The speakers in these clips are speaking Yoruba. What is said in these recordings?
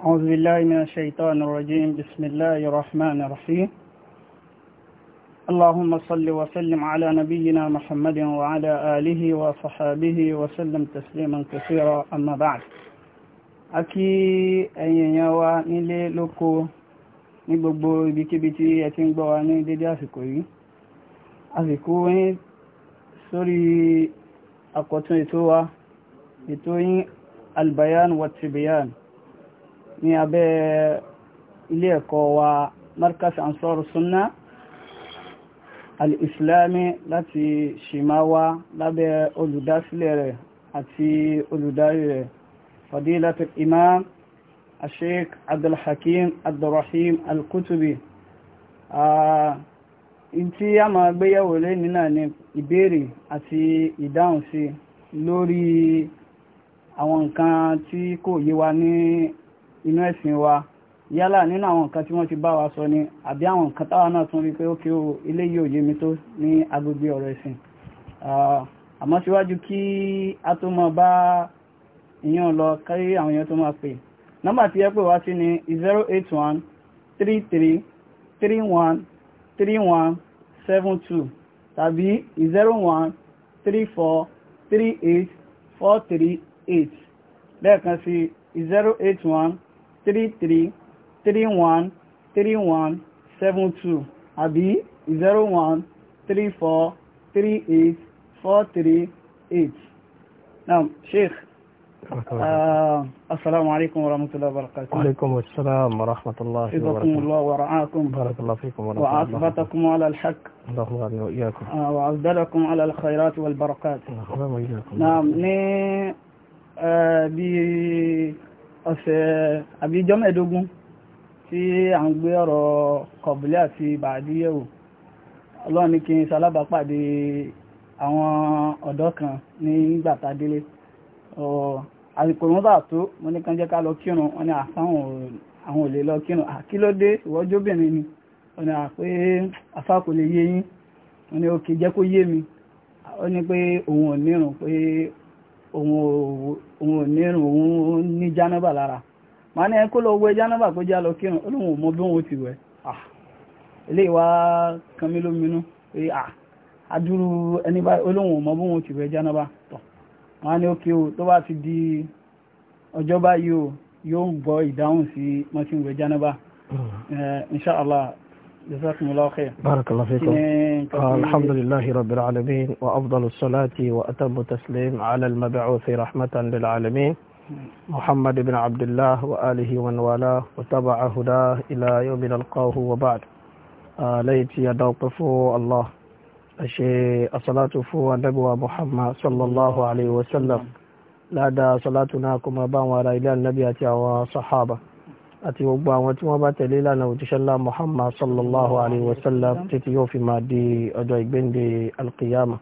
أعوذ بالله من الشيطان الرجيم بسم الله الرحمن الرحيم اللهم صل وسلم على نبينا محمد وعلى آله وصحابه وسلم تسليما كثيرا أما بعد أكي أن يوا نيلي لوكو ní gbogbo ibikíbi tí ẹ ti ń gbọ́ wa ní dédé àsìkò yìí àsìkò yín ní abẹ́ ilé ẹ̀kọ́ wa markas ansor sunna al-islami láti shimawa lábẹ́ olùdásílẹ̀ rẹ̀ àti olùdarí rẹ̀ fadilatu imam asheik abdulhakim abdulrahim al-kutubi tí a máa gbéyẹ̀wò lẹ́ni náà ni ìbéèrè àti ìdáhùn sí lórí àwọn nǹkan tí kò yé ní inú ẹ̀sìn wa yálà nínú àwọn nǹkan tí wọ́n ti bá wa sọ ni àbí àwọn nǹkan táwa náà tún rí pé ó kí o ilé yìí ò yé mi tó ní agbègbè ọ̀rọ̀ ẹ̀sìn àmọ́ síwájú kí a tó máa bá ìyàn lọ kárí àwọn èèyàn tó máa pè nọ́mbà tí ẹ pè wá sí ni zero eight one three three three one three one seven two tàbí zero one three four three eight four three eight lẹ́ẹ̀kan sí zero eight one. three three three one three one seven two àbí zero one three four three eight four three eight. نعم شيخ آه السلام عليكم ورحمة الله وبركاته وعليكم السلام ورحمة الله وبركاته حفظكم الله ورعاكم بارك الله فيكم ورحمة وأثبتكم على الحق الله يعني وإياكم آه وأفضلكم على الخيرات والبركات الله وإياكم نعم ني آه بي ọ̀sẹ̀ àbíjọ́ mẹ́ẹ̀ẹ́dógún tí à ń gbé ọ̀rọ̀ kọ̀bùlẹ̀ àti bàdíyẹ̀wò ọlọ́run ní kí n ṣalábàápàdé àwọn ọ̀dọ́ kan nígbà tá a délé àsìkò wọn bá tó mo ní kan jẹ́ ká lọ kírun wọn ni àfáwọn àwọn ò lè lọ kírun àkílódé ìwọ́jóbìnrin ni wọn ni àpé afá kò lè yé yín wọn ni òkè jẹ́ kó yé mi ó ní pé òun ò nírun pé òun ò nírun òun ní jánábà lára ma ní ẹkọ́ lọ wẹ jánábà kó já lọ kírun olóhùn mọ bí wọn ti wẹ ilé ìwà kanmílóminú pé àdúrú ẹni bá olóhùn mọ bí wọn ti wẹ jánábà tọ ma ní ókè o tó bá ti di ọjọ́ báyìí o yóò bọ́ ìdáhùn sí mọ́tí wẹ jánábà hmm. eh, inṣáàlá جزاكم الله خير بارك الله فيكم الحمد لله رب العالمين وأفضل الصلاة وأتم التسليم على المبعوث رحمة للعالمين محمد بن عبد الله وآله ومن والاه وتبع هداه إلى يوم نلقاه وبعد ليت يدوقف الله أشي الصلاة فو النبوة محمد صلى الله عليه وسلم لدى صلاتنا كما بان وعلى إلى النبي وصحابه àti gbogbo àwọn tí wọ́n bá tẹ̀lé ìlànà òjíṣẹ́ ńlá muhammad sallallahu alayhi wa sallam títí yóò fi máa di ọjọ́ ìgbéǹde alkiyama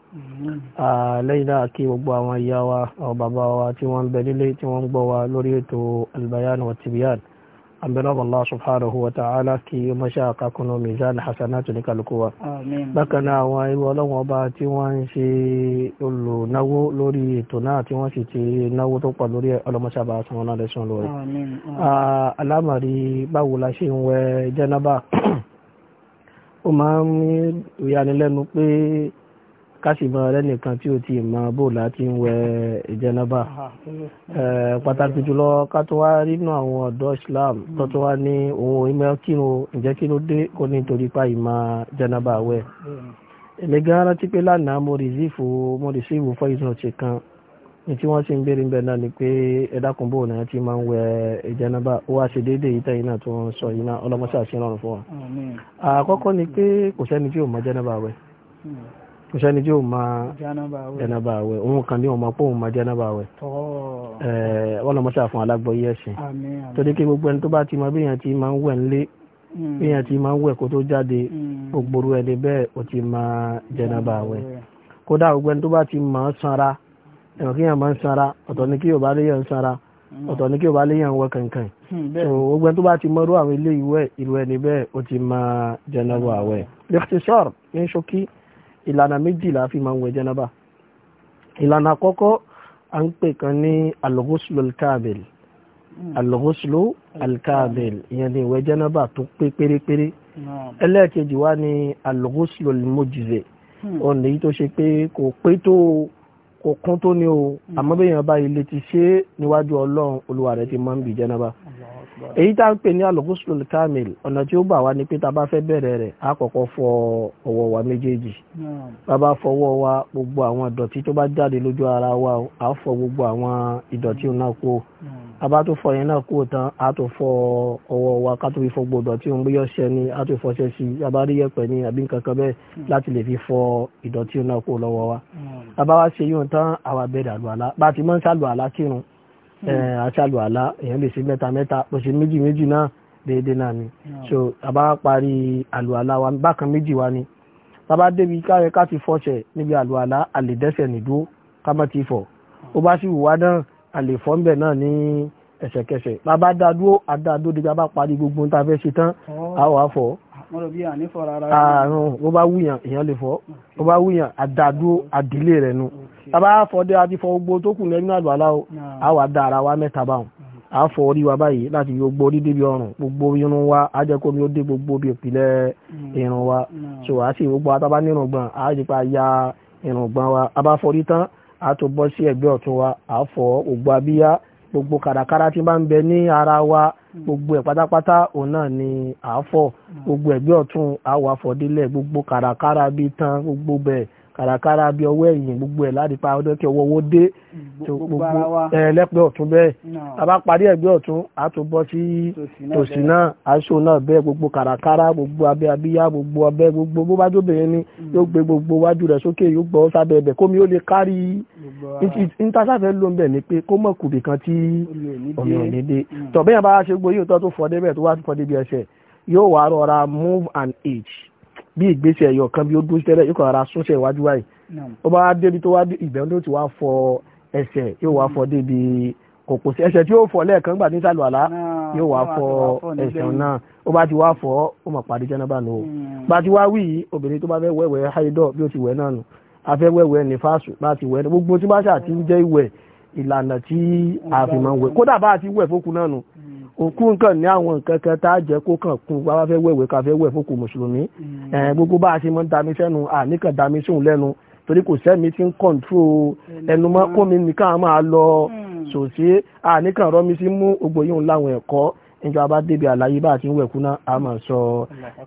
lẹ́yìn náà kí gbogbo àwọn ìyá wa àwọn bàbá wa tí wọ́n ń bẹ nílé tí wọ́n ń gbọ́ wa lórí ètò albayan wa tibiyan abẹ́rẹ́ Allah subhanahu wa ta'ala kí ó mọ́ṣá àkàkùnú mizan hasanatu ní kálukú wa. bákan náà àwọn irú ọlọ́wọ́n ọba tí wọ́n ń ṣe olùnáwó lórí ètò náà tí wọ́n sì ti náwó tó pọ̀ lórí ọlọ́mọṣàbà sanwó náà lẹ́sùn lórí. alámàrí báwo la ṣe ń wẹ jẹ́nàbà ó máa ń yanilẹ́nu pé kásìmọ ẹlẹ́nìkan tí ó ti mọ bóòlù àti ń wẹ ìjẹnaba mhm. pàtàkì jùlọ ká tó wá nínú àwọn ọ̀dọ́ Islam tó tó wá ní ohun ìmọ̀ kírun ǹjẹ́ kí ló dé kó ní torí pa ìmọ̀ ìjẹnaba wẹ̀ mhm. èmi gan rántí pé lánàá mo rìsífù mo rìsífù fọ́ìsàn ọ̀sẹ̀ kan ní tí wọ́n sì ń béèrè ń bẹ̀ náà ni pé ẹ̀dákun bò náà ti máa ń wẹ ìjẹnaba ó wá ṣe déédéé yìí tẹ́yìn náà tó ń sọ yìí náà ọlọ́mọṣẹ́ àṣẹ wa. àkọ́kọ́ ni pé kò sẹ́ni tí ó ma jẹ́nàbà àwẹ̀ òun kan ní ọmọ pòun ma jẹ́nàbà àwẹ̀ wọ́n lọ́mọ sáà fún alágbọ̀yé ẹ̀sìn torí kí gbogbo ẹni tó bá ti mọ bí èèyàn ti máa ń wẹ̀ ńlé hmm. bí èèyàn ti máa ń wẹ̀ kó tó jáde hmm. gbogbo ẹni bẹ́ẹ̀ ó ti ma jẹ́nàbà àwẹ̀ kódà gbogbo ẹni tó bá ti máa ń sanra ẹ̀wọ̀n kí èèyàn máa ń sanra ọ̀tọ̀ ni kí yorùbá léèyàn ń sanra hmm. ọ̀tọ̀ ni kí yorùbá léèyàn ń wẹ̀ kankan gbogbo ẹni tó bá ti mọ́rú àwọn ilé ìwẹ̀ ìlànà méjìlá fi máa ń wẹ̀ jẹ́nàbà ìlànà àkọ́kọ́ à ń pè kan ní alghuslu alkabil hmm. alghuslu alkabil ìyẹn ni ìwẹ̀ jẹ́nàbà tó pé pérépéré ẹlẹ́ẹ̀kejì wá ní alghuslu almujzi ọ̀nà hmm. èyí tó ṣe pé kò pé tó òkun tó ní o hmm. àmọ́ bẹ́yàn bá ilé ti ṣe níwájú ọlọ́run olúwa rẹ̀ ti máa ń bì jẹ́nàbá èyí tá ń pè ní al-ghusl kamil ọ̀nà tí ó bà wá ní pé ta bá fẹ́ bẹ̀rẹ̀ rẹ̀ á kọ́kọ́ fọ ọwọ́ wa méjèèjì bàbá fọwọ́ wa gbogbo àwọn ìdọ̀tí tó bá jáde lójú ara wa á fọ gbogbo àwọn ìdọ̀tí náà kó abá tó fọ yẹn náà kúrò tán a tó fọ ọwọ́ wa ká tó fi fọ gbọdọ̀ tí òun bóyá ọṣẹ ni a tó fọṣẹ sí i rí yẹ̀pẹ̀ ni àbí nǹkan kan bẹ́ẹ̀ hmm. láti lè fi fọ ìdọ̀tí náà kúrò lọ́wọ́ wa. Hmm. abá wa ṣe yóò tán àwa bẹ̀rẹ̀ àlùalá bá a ti máa ń ṣàlùalá kírun àṣàlùalá hmm. èèyàn lè ṣe mẹ́ta mẹ́ta bó méjì méjì náà déédéé náà ni so abá parí àlùalá wa bákan méjì wa ni bàbá débi ká ti fọṣẹ níbi àlùalá àlè dẹ́sẹ̀ nìdúró ká àlèfọ́ ń bẹ̀ náà ní ẹsẹ̀kẹsẹ̀ bàbá dádúró adádúró dígbà bá parí gbogbo ń ta fẹ́ ṣe tán àwọn àfọ̀ àrùn ló bá wúyàn èèyàn lè fọ́ ló bá wúyàn àdádúró àdílé rẹ̀ nu bàbá àfọ̀dé àti fọ gbogbo tó kù lẹ́nu àlùwàlá o àwọn àdá ara wa mẹ́ta báwọn àfọ̀ orí wa báyìí láti gbogbo orí débi ọrùn gbogbo irun wa ajẹ́kómi ó dé gbogbo bí ìpìlẹ̀ hmm. irun wa so àá sì gbogbo atábá nírùngbọ̀n àá sì pa ya irùngbọ̀n wa abáfọ̀rí tán a tó bọ́ sí ẹ̀gbẹ́ ọ̀tún wa àfọ̀ gbogbo abíyá gbogbo kàràkàrà tí bá ń bẹ ní ara wa gbogbo ẹ̀ pátápátá òun náà ni àfọ̀ gbogbo ẹ̀gbẹ́ ọ̀tún àwọ̀ gbogbo kàràkàrà bíi tán gbogbo bẹ́ẹ̀ kàràkàrà bí ọwọ́ ẹ̀yìn gbogbo ẹ̀ láti pa ọdún kí ọwọ́ owó dé gbogbo ẹlẹ́pẹ́ ọ̀tún bẹ́ẹ̀ àbá parí ẹ̀gbẹ́ ọ̀tún á tún bọ́ sí tòsí náà aṣọ náà bẹ́ẹ̀ gbogbo kàràkàrà gbogbo abẹ́ abíyá gbogbo ọbẹ̀ gbogbo bó bá jóbìnrin ni mm. yóò gbé gbogbo wájú rẹ̀ sókè yóò gbọ́ sábẹ́ ẹ̀bẹ̀ kómi ó lè kárí ntásáfẹ́ ló ń bẹ̀ ni pé kó mọ̀ kùbì kan tí ọ̀nà òníde tọ̀bẹ́yàn move and age bí ìgbésí ẹ̀yọ̀ kan bí ó dúró tẹ́lẹ̀ yóò kàn ara súnṣẹ́ ìwájú wáyé ó bá débi tó wá ìbẹ̀rù tó ti wá fọ ẹsẹ̀ yóò wá fọ débi kòkò sí ẹsẹ̀ tí yóò fọ lẹ́ẹ̀kan gbà ní sàlù àlá yóò wá fọ ẹsẹ̀ náà ó bá ti wá fọ ó mọ̀ pàdé jẹ́nàbà nù. bá ti wá wí obìnrin tó bá fẹ́ wẹ̀wẹ̀ háídọ̀ bí ó ti wẹ̀ náà nù afẹ́ wẹ̀wẹ̀ nífàsù bá ti wẹ̀ gbogbo tí bá ṣà jẹ́ ìwẹ̀ ìlànà tí a fi máa wẹ̀ kódà bá ti wẹ̀ fókun náà nù òkú nǹkan ní àwọn nǹkan kan tá a jẹ́ kó kàn kún wa fẹ́ wẹ̀wẹ̀ ká fẹ́ wẹ̀ fókù mùsùlùmí mm. gbogbo bá a ṣe mọ́ ń dami sẹ́nu àníkàn dami sóhun lẹ́nu torí kò sẹ́mi tí ń kọ̀ǹtró ẹnu mọ́ kómi nìkan máa lọ mm. sòsí àníkàn rọ́mi sí mú gbogbo yìí láwọn ẹ̀kọ́ níjọ abá débi àlàyé bá ti ń wẹ̀kú náà a máa sọ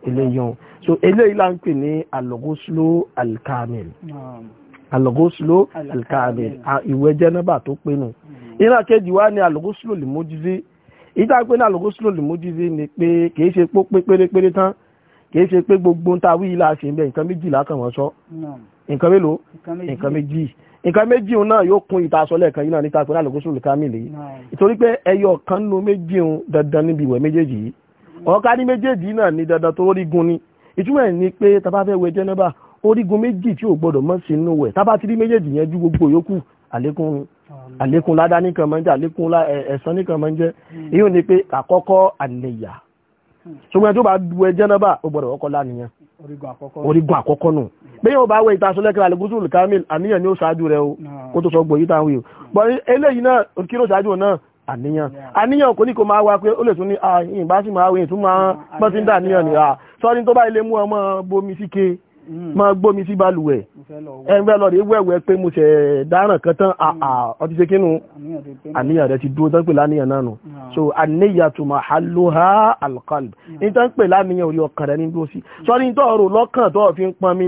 eléyìí so eléyìí là ń pè ní alogoslo alkamil alogoslo alkamil ìwẹ̀ jẹ́nẹ́bà tó pinnu mm. ìrìnàkejì wa ni alogoslo limojizi ìjà pé náà lóko slow lè mójúzé ni pé kìí ṣe pó pé pérépéré tán kìí ṣe pé gbogbo ń ta wí ilà ṣe ń bẹ nǹkan méjì lákàn wọ́n sọ nǹkan mélòó nǹkan méjì nǹkan méjì òun náà yóò kún ìta aṣọ lẹ́ẹ̀kan yìí náà níta pé náà lóko slow lè ká mìlè ìtorí pé ẹyọ kan nu méjì òun dandan níbi ìwẹ̀ méjèèjì yìí ọ̀ọ́ká ní méjèèjì náà ni dandan tó rí ni ìtumọ̀ ẹ̀ ni pé tá fẹ́ wẹ̀ jẹ́nẹ́bà orígun méjì tí ò gbọdọ̀ mọ́ sínú wẹ̀ tá ti rí méjèèjì yẹn ju gbogbo yòókù àlékún àlékún ládá nìkan máa ń jẹ́ àlékún ẹ̀san nìkan máa ń jẹ́ èyí ò ní pé àkọ́kọ́ àníyà hmm. ṣùgbọ́n tó bá du ẹjẹ́ náà bá ó gbọ́dọ̀ kọ́kọ́ láníyàn orígun àkọ́kọ́ nù hmm. bí yóò bá wẹ ìtaṣọ lẹ́kẹ̀rẹ́ àlùkùsù kamil àníyàn ni ó ṣáájú rẹ o hmm. kó tó sọ gbòyí táwọn yìí bọ́ eléyìí náà kí ló ṣáájú náà àníyàn àníyàn kò ní kò máa wá pé ó lè tún ní ah, ìgbà sí máa wẹ̀ tún máa ń dà níyàn nìyà sọ́ni Hmm. máa gbómi si balùwẹ̀ ẹgbẹ́ lọ rí wẹ̀wẹ̀ pé mo ṣẹ̀ dáràn kan ah, ah, ọtí ṣe kínú àníyàn ti dúró tán pè láníyàn náà nù ah. so àníyàn tó máa ha láníyàn orí ọkàn ní dúró sí lọ́kàn fi ń pọnmi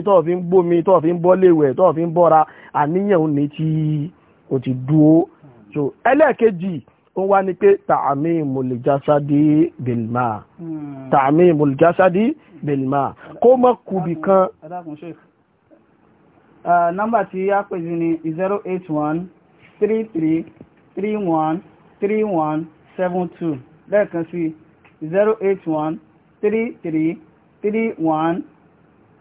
fi ó wá ní pé ta'mimul jasadi bil ma hmm. ta'mimul jasadi bil ma kó mọ́ kùbì kan. nọ́mbà tí a pè sí ni zero eight one three three three one three one seven two lẹ́ẹ̀kan sí zero eight one three three three one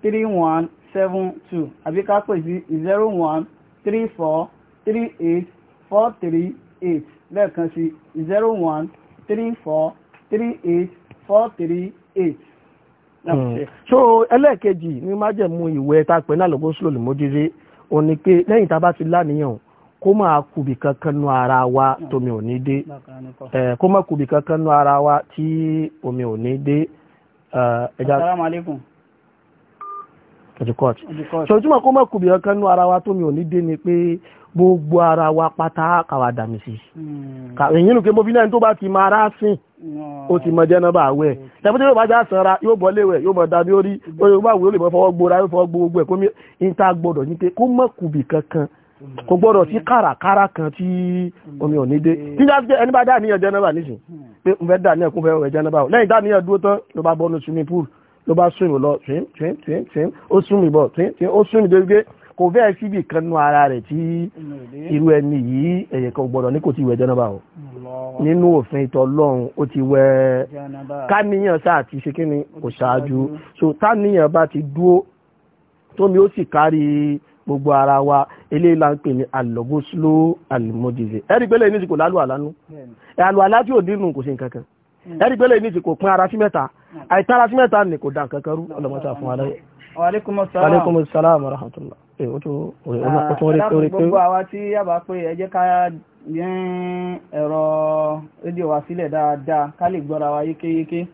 three one seven two àbí ká pè sí zero one three four three eight four three eight lẹ́ẹ̀kan sí zero one three four three eight four three eight. Hmm. so ẹlẹ́ẹ̀kejì ní májẹ̀mú ìwẹ̀ tá a pè ní àlọ́gọ́sùlò lè mójúrí òun ni pé lẹ́yìn tá a bá ti láníyàn kó máa kùbì kankan nu ara wa hmm. tómi ò ní dé eh, kó máa kùbì kankan nu ara wa tí omi ò ní dé eh, ẹja ọjọ́ kọ́ọ̀tù so ìtumọ̀ kó máa kùbì kankan nu ara wa tómi ò ní dé ni pé gbogbo ara wa pátá káwa dàmì sí hmm. èyí nù kí mo fi náà tó bá ti máa rá sìn ó ti mọ jẹ́nàbà àwẹ̀ hmm. tẹ́fútẹ́ yóò bá já sanra yóò bọ́ léwẹ̀ yóò mọ̀ dábí orí yóò bá wúlò lè mọ́ fọwọ́ gbóra yóò fọwọ́ gbogbo ẹ̀ kó mi níta gbọ́dọ̀ ní pé kó mọ̀ kùbì kankan hmm. kò gbọ́dọ̀ sí kàràkàrà kan tí omi ò ní dé nígbà tí ẹni bá dáníyàn jẹ́nàbà nísìn pé mo fẹ́ dáníyàn kún fẹ́ wẹ̀ jẹ́nàbà bá swim swim swim swim ó swim bọ̀ swim ó swim dégbé kò fẹ́ síbi kan nú ara rẹ̀ tí irú ẹni yìí ẹ̀yẹ̀ kan gbọ́dọ̀ ní kò ti wẹ̀ jẹ́nàbà o nínú òfin ìtọ́ lọ́run ó ti wẹ̀ káníyàn sáà ti ṣe kíni kò ṣáájú so táníyàn bá ti dúó tómi ó sì kárí gbogbo ara wa eléyìí la ń pè ní alọ́gọ́sílò alimojize ẹ̀rí pé ní ti kò lálù àlánú àlù àlá ò dínú kò sí nǹkan kan hmm. ẹ̀rí pé ní ti kò pín ara sí mẹ́ta hmm. àìtara sí mẹ́ta ni kò dá nǹkan rú ọlọ́mọta fún wa lẹ́yìn. wa alaikumus salam Ah, gbogbo àwa tí a bá pé ẹ jẹ́ ká yẹn ẹ̀rọ rédíò wa sílẹ̀ dáadáa ká lè gbọ́ra wa yékéyéké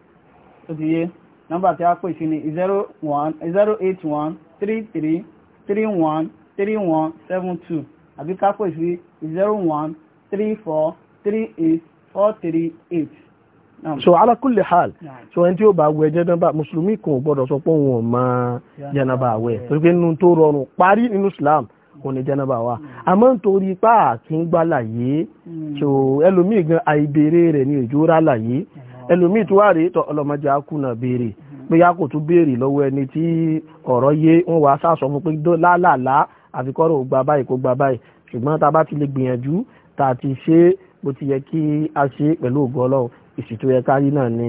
tó ti yé nọ́mbà tí a pè sí ni zero one zero eight one three three three one three one seven two àbí ká pè sí zero one three four three eight four three eight so ala kulli hal so ẹni tí ó bá wẹ jẹ́nàbà mùsùlùmí kan gbọ́dọ̀ sọ pé òun ò mọ jẹ́nàbà wẹ̀ torí pé nínú tó rọrùn parí nínú islam kò hmm. ní jẹ́nàbà wa hmm. àmọ́ nítorí pá kí ń gbá láyé hmm. so ẹlòmíì gan àìbèrè rẹ̀ ní ìjó rà láyé ẹlòmíì tó wà rí tọ ọlọmọdé akúnà béèrè pé yá kò tún béèrè lọ́wọ́ ẹni tí ọ̀rọ̀ yé wọn wàá sàsọ fún pé lálàlá àfikọ́rọ̀ ò gbà báyìí kò gbà báyìí ṣùgbọ́n tá bá ti lè gbìyànjú tá ti ṣe bó ti yẹ kí a ṣe pẹ̀lú ògo èsì tó yẹ kárí náà ni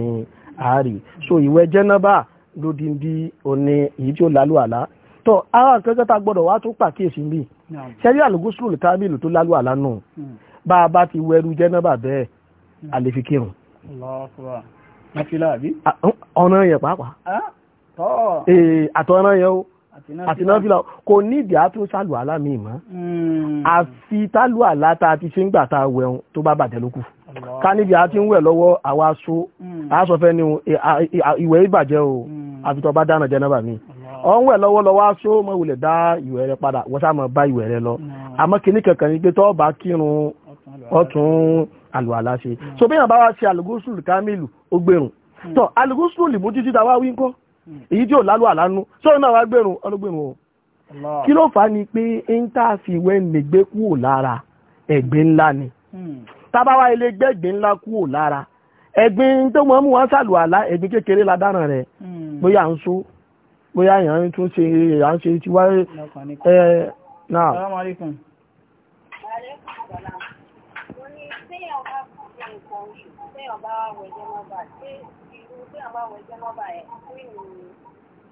àárì so ìwẹ̀ jẹ́nàbà lódìndí òní èyí tí ó lálù àlá tó ara kẹ́kẹ́ tá gbọ́dọ̀ wá tó pàkíyèsí mi ṣẹ́rí àlùgúsùlù kámìlù tó lálù àlá nù hmm. bá a bá ti wẹ̀rù jẹ́nàbà bẹ́ẹ̀ hmm. a lè fi kírun. ọ̀nà yẹn pàápàá ah, àtọ̀ràn yẹn o àti náfìlà kò ní ìdí àtún sálù alámi ìmọ̀ hmm. àfi tálù àlá ta ti ṣe ń gbà ta wẹ̀un tó bá bàjẹ́ lókù ká níbi àti ń wẹ̀ lọ́wọ́ àwa aṣọ hmm. aṣọfẹ́ ni e, e, ìwẹ̀ ìbàjẹ́ o hmm. àfi tó bá dáná jẹ́ náà mi ọ ń wẹ̀ lọ́wọ́ lọ́wọ́ aṣọ mọ̀ wulẹ̀ dá ìwẹ̀ rẹ padà wọ́n sá mọ̀ bá ìwẹ̀ rẹ lọ àmọ́ kìíní kankan ni pé tó bá kírun ọ̀tún àlùwàlá ṣe so bí yàn bá wá ṣe àlùgúsùlù kámìlù ó gbèrún tó àlùgúsùlù lè mójú èyí tí ò lálù àlánú sọ́run náà wá gbẹ̀rún ọlọ́gbẹ̀rún o kí ló fà á ni pé ń a fi ìwẹ́ nìgbé kúò lára ńlá ni Tabawa ilé gbẹ́gbẹ́ ńlá kúò lára ẹ̀gbin tó mọ̀ mú wọn sàlù àlá la dáná rẹ̀ hmm. bóyá ń bóyá yàn tún ṣe ṣe ti wá ẹ náà. tí àbá wọ jẹ́nọ́bà yẹn kí ìrìn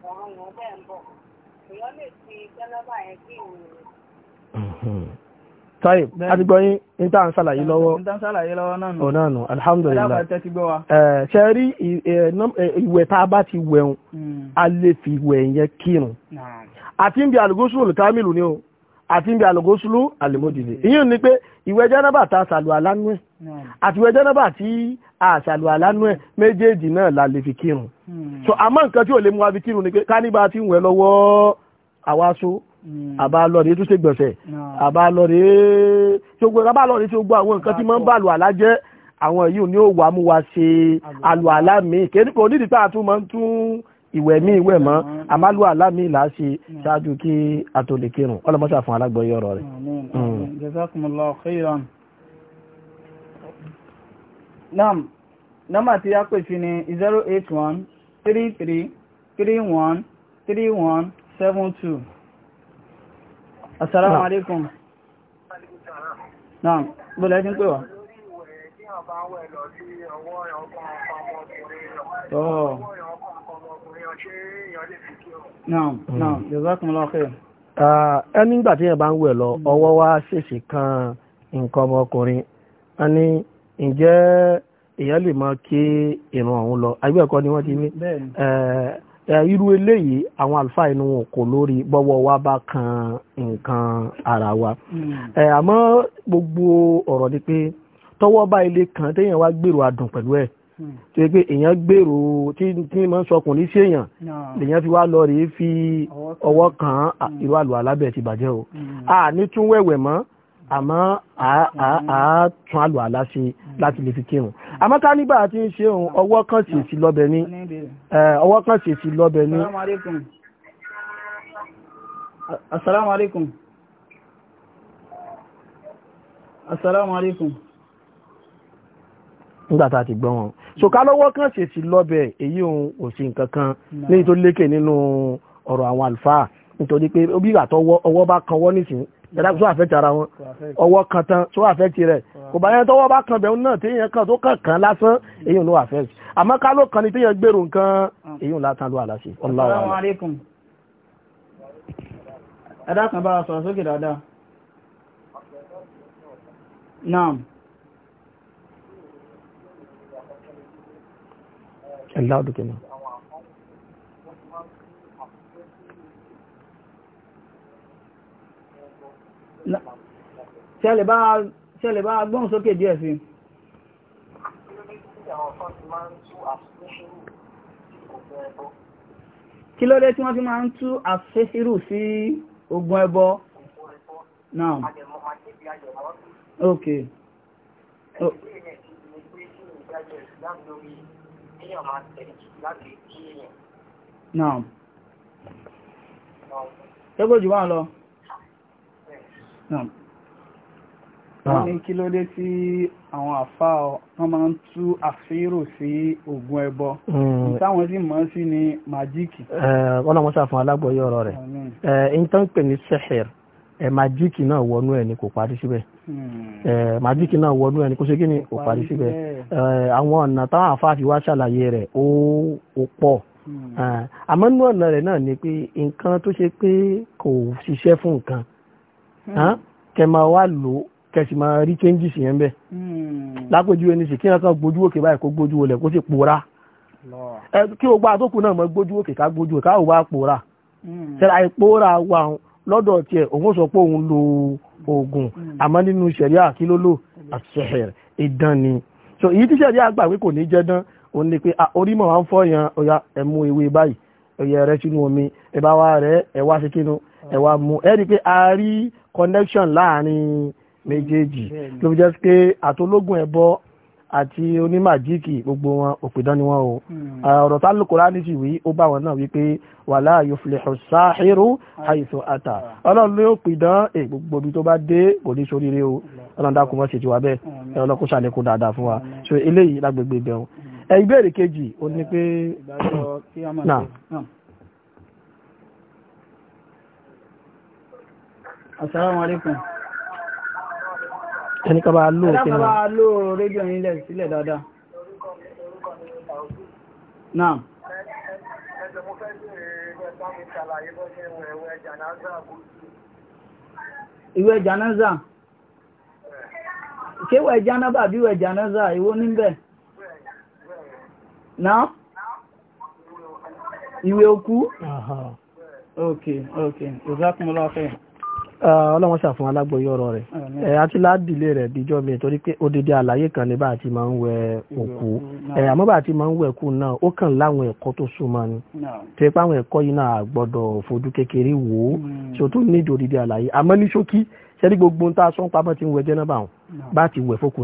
ọ̀ràn yẹn bẹ́ẹ̀ ń bọ̀ èèyàn lè fi jẹ́nọ́bà yẹn kí ìrìn mhm. táyì adigbọ́yìn ní tá à ń ṣàlàyé lọ́wọ́ ọ̀nàánù alhamdulillah ṣe rí ìwẹ̀ tá a bá ti wẹ̀hún hmm. a lè fi wẹ̀ yẹn kírun àti ń bí alùgúsù olùkámìlù ni o àti ibi àlògóṣúlú àlèmódìlé ìyún ni pé ìwẹ̀ jẹ́nàbà ta sàlù alánú ẹ̀ hmm. àti ìwẹ̀ jẹ́nàbà tí a sàlù alánú ẹ̀ méjèèjì náà la lè fi kírun hmm. so àmọ́ nǹkan tí ò lè mú wa fi kírun ni pé káníbà ti ń wẹ̀ lọ́wọ́ àwaṣó hmm. àbá lọ́rẹ̀ tó ṣe gbọ̀nsẹ̀ àbá lọ́rẹ̀ tó gbọ́ àbá tó gbọ́ àwọn nǹkan tí máa ń bá lù àlá jẹ́ àwọn yìí ni ó wà mú wa ṣe àlù àlá mi kò nídìí tá a tún máa ń tún ìwẹ̀ mí ìwẹ̀ mọ́ àmàlù àlámì làásì ṣáájú kí a tó lè kírun ọlọmọṣà fún alágbọyé ọ̀rọ̀ rẹ̀. Hmm. jazakumullahu khairan. nam nọ́mbà tí a pè sí ni zero eight one three three three one three one seven two. asalaamualeykum. nam bọ́lá ẹ ti ń pè ẹni gbà tí yẹn bá ń wẹ̀ lọ hmm. ọwọ́ wá ṣèṣì kan nǹkan ọmọkùnrin a ní ǹjẹ́ èèyàn lè máa kí ìran ọ̀hún lọ àbí ẹ̀kọ́ ni wọ́n ti ní irú eléyìí àwọn àlùfáà inú kò lórí bọ́wọ́ wa bá kan nǹkan ara wa hmm. àmọ́ gbogbo ọ̀rọ̀ ni pé tọwọ́ bá ilé kan téèyàn wá gbèrò adùn pẹ̀lú ẹ̀ tó yẹ pé èèyàn gbèrò tí tí máa ń sọkùnrin sí èèyàn lèèyàn fi wá lọ rèé fi ọwọ́ kan hmm. irú àlọ́ alábẹ̀ ti bàjẹ́ o a hmm. ní tún wẹ̀wẹ̀ mọ́ àmọ́ àá hmm. tún àlò àláṣe láti lè fi kírun àmọ́ ká nígbà tí ń ṣe òun ọwọ́ kan sì sí lọ́bẹ̀ ní ọwọ́ kan sì sí lọ́bẹ̀ ní assalamu alaikum assalamu nígbà tá a ti gbọ́ wọn so ká lọ́wọ́ kan ṣe ti lọ́bẹ̀ èyí òun ò sí nǹkan kan ní tó lékè nínú ọ̀rọ̀ àwọn àlùfáà nítorí pé bí ìgbà tó ọwọ́ bá kan wọ́ nísìn dada tó àfẹ́ ara wọn ọwọ́ kan tán tó àfẹ́ ti rẹ̀ kò bá yẹn tọwọ́ bá kan bẹ̀rún náà téèyàn kan tó kàn kan lásán hmm. èyí òun ló àfẹ́ àmọ́ ká ló kan ni téèyàn gbèrò nǹkan hmm. èyí òun látàn ló àlàṣe ọlọ́wọ́ ẹ̀dá kan bá sọ̀rọ̀ sókè dáadáa naam ẹ̀lá òdòkè náà ṣe lè bá gbọ́n sókè díẹ̀ sí kí ló dé tí wọ́n fi máa ń tú àfẹ́sírù sí ogun ẹbọ náà ok oh kéèyàn máa tẹ̀lé láti lọ. wọ́n ní kí ló dé tí àwọn àfá wọn máa ń tú àfírò sí oògùn ẹbọ hmm. táwọn sì mọ̀ sí ni màjíìkì. Eh, wọ́n náà wọ́n ṣàfihàn alágbòye ọ̀rọ̀ rẹ̀ eh, ìtàn ẹ májíkì náà wọnú ẹ ni kò parí síbẹ̀ hmm. ẹ májíkì náà wọnú ẹ ni kò ṣe kí ni kò parí síbẹ̀ ẹ àwọn ọ̀nà táwọn àfáàfi wá ṣàlàyé rẹ̀ ó pọ̀ hmm. àmọ́ inú ọ̀nà rẹ̀ náà ni pé nǹkan tó ṣe pé kò ṣiṣẹ́ fún nǹkan hmm. kẹ máa wá lò ó kẹsì máa rí changes yẹn bẹ́ẹ̀ lápèjúwe ní sì kí wọn gbójú òkè báyìí kó gbójú olẹ̀ kó sì pòórá kí o gbá àtókù náà mọ gbójú òkè ká gbójú òkè ká ò bá pòórá ṣẹlẹ̀ àìpòórá wa lọ́dọ̀ tiẹ̀ òun sọ pé òun lo oògùn mm. àmọ́ nínú ṣẹ̀ríà kí ló lò àṣẹ̀hẹ̀r mm. ìdán ni so èyí tí ṣẹ̀ríà gbà pé kò ní jẹ́ dán òun ni pé orímọ̀ wa ń fọ́ yan ọ̀yà ẹ̀mú ewé báyìí ẹ̀yẹ rẹ sínú omi ẹ̀bá wa rẹ̀ ẹ̀wá ṣe kínú ẹ̀wá mu ẹ̀rí pé a rí connection láàrin méjèèjì ló jẹ́ pé àtológun ẹ̀bọ àti onímàjíìkì gbogbo wọn òpìdán ni wọn o hmm. ọ̀rọ̀ tá lùkúrá ní ìwé ó bá wọn náà wípé wala yuflihu sáhírù haythu ata ọlọ́run ní òpìdán gbogbo ibi tó bá dé kò ní ṣoríire o ọlọ́run dákun mọ́ sí ti wá bẹ́ẹ̀ ọlọ́kùn ṣàlékún dáadáa fún wa so eléyìí lágbègbè bẹ̀rù hmm. ẹ ìbéèrè kejì ó ní pé náà. Assalamu alaikum ẹni kaba ló òkè náà kaba ló rédíò nílẹ̀ sílẹ̀ dáadáa náà ìwẹ̀ jànáza kéwẹ̀ jánábà bí ìwẹ̀ jànáza ìwó níbẹ̀ náà ìwẹ̀ òkú ok ok ìzákùnmọ́lá fẹ́ Eh, ọlọ́wọ́n ṣàfihàn alágbóyè ọ̀rọ̀ rẹ̀ ẹ̀ àti ládìlé rẹ̀ bíjọ́ mi torí pé odidi àlàyé kan ní bá àti máa ń wẹ òkú ẹ̀ eh, àmọ́ bá àti máa ń wẹ òkú náà ó kàn láwọn ẹ̀kọ́ tó súnmọ́ ni tẹ́ pé àwọn ẹ̀kọ́ yìí náà gbọ́dọ̀ fojú kékeré wò ó tí ó tún ní ìdí odidi àlàyé àmọ́ ní ṣókí ṣẹ́rí gbogbo tá a pamọ́ ti ń wẹ jẹ́nàbà wọn bá ti wẹ̀ fókù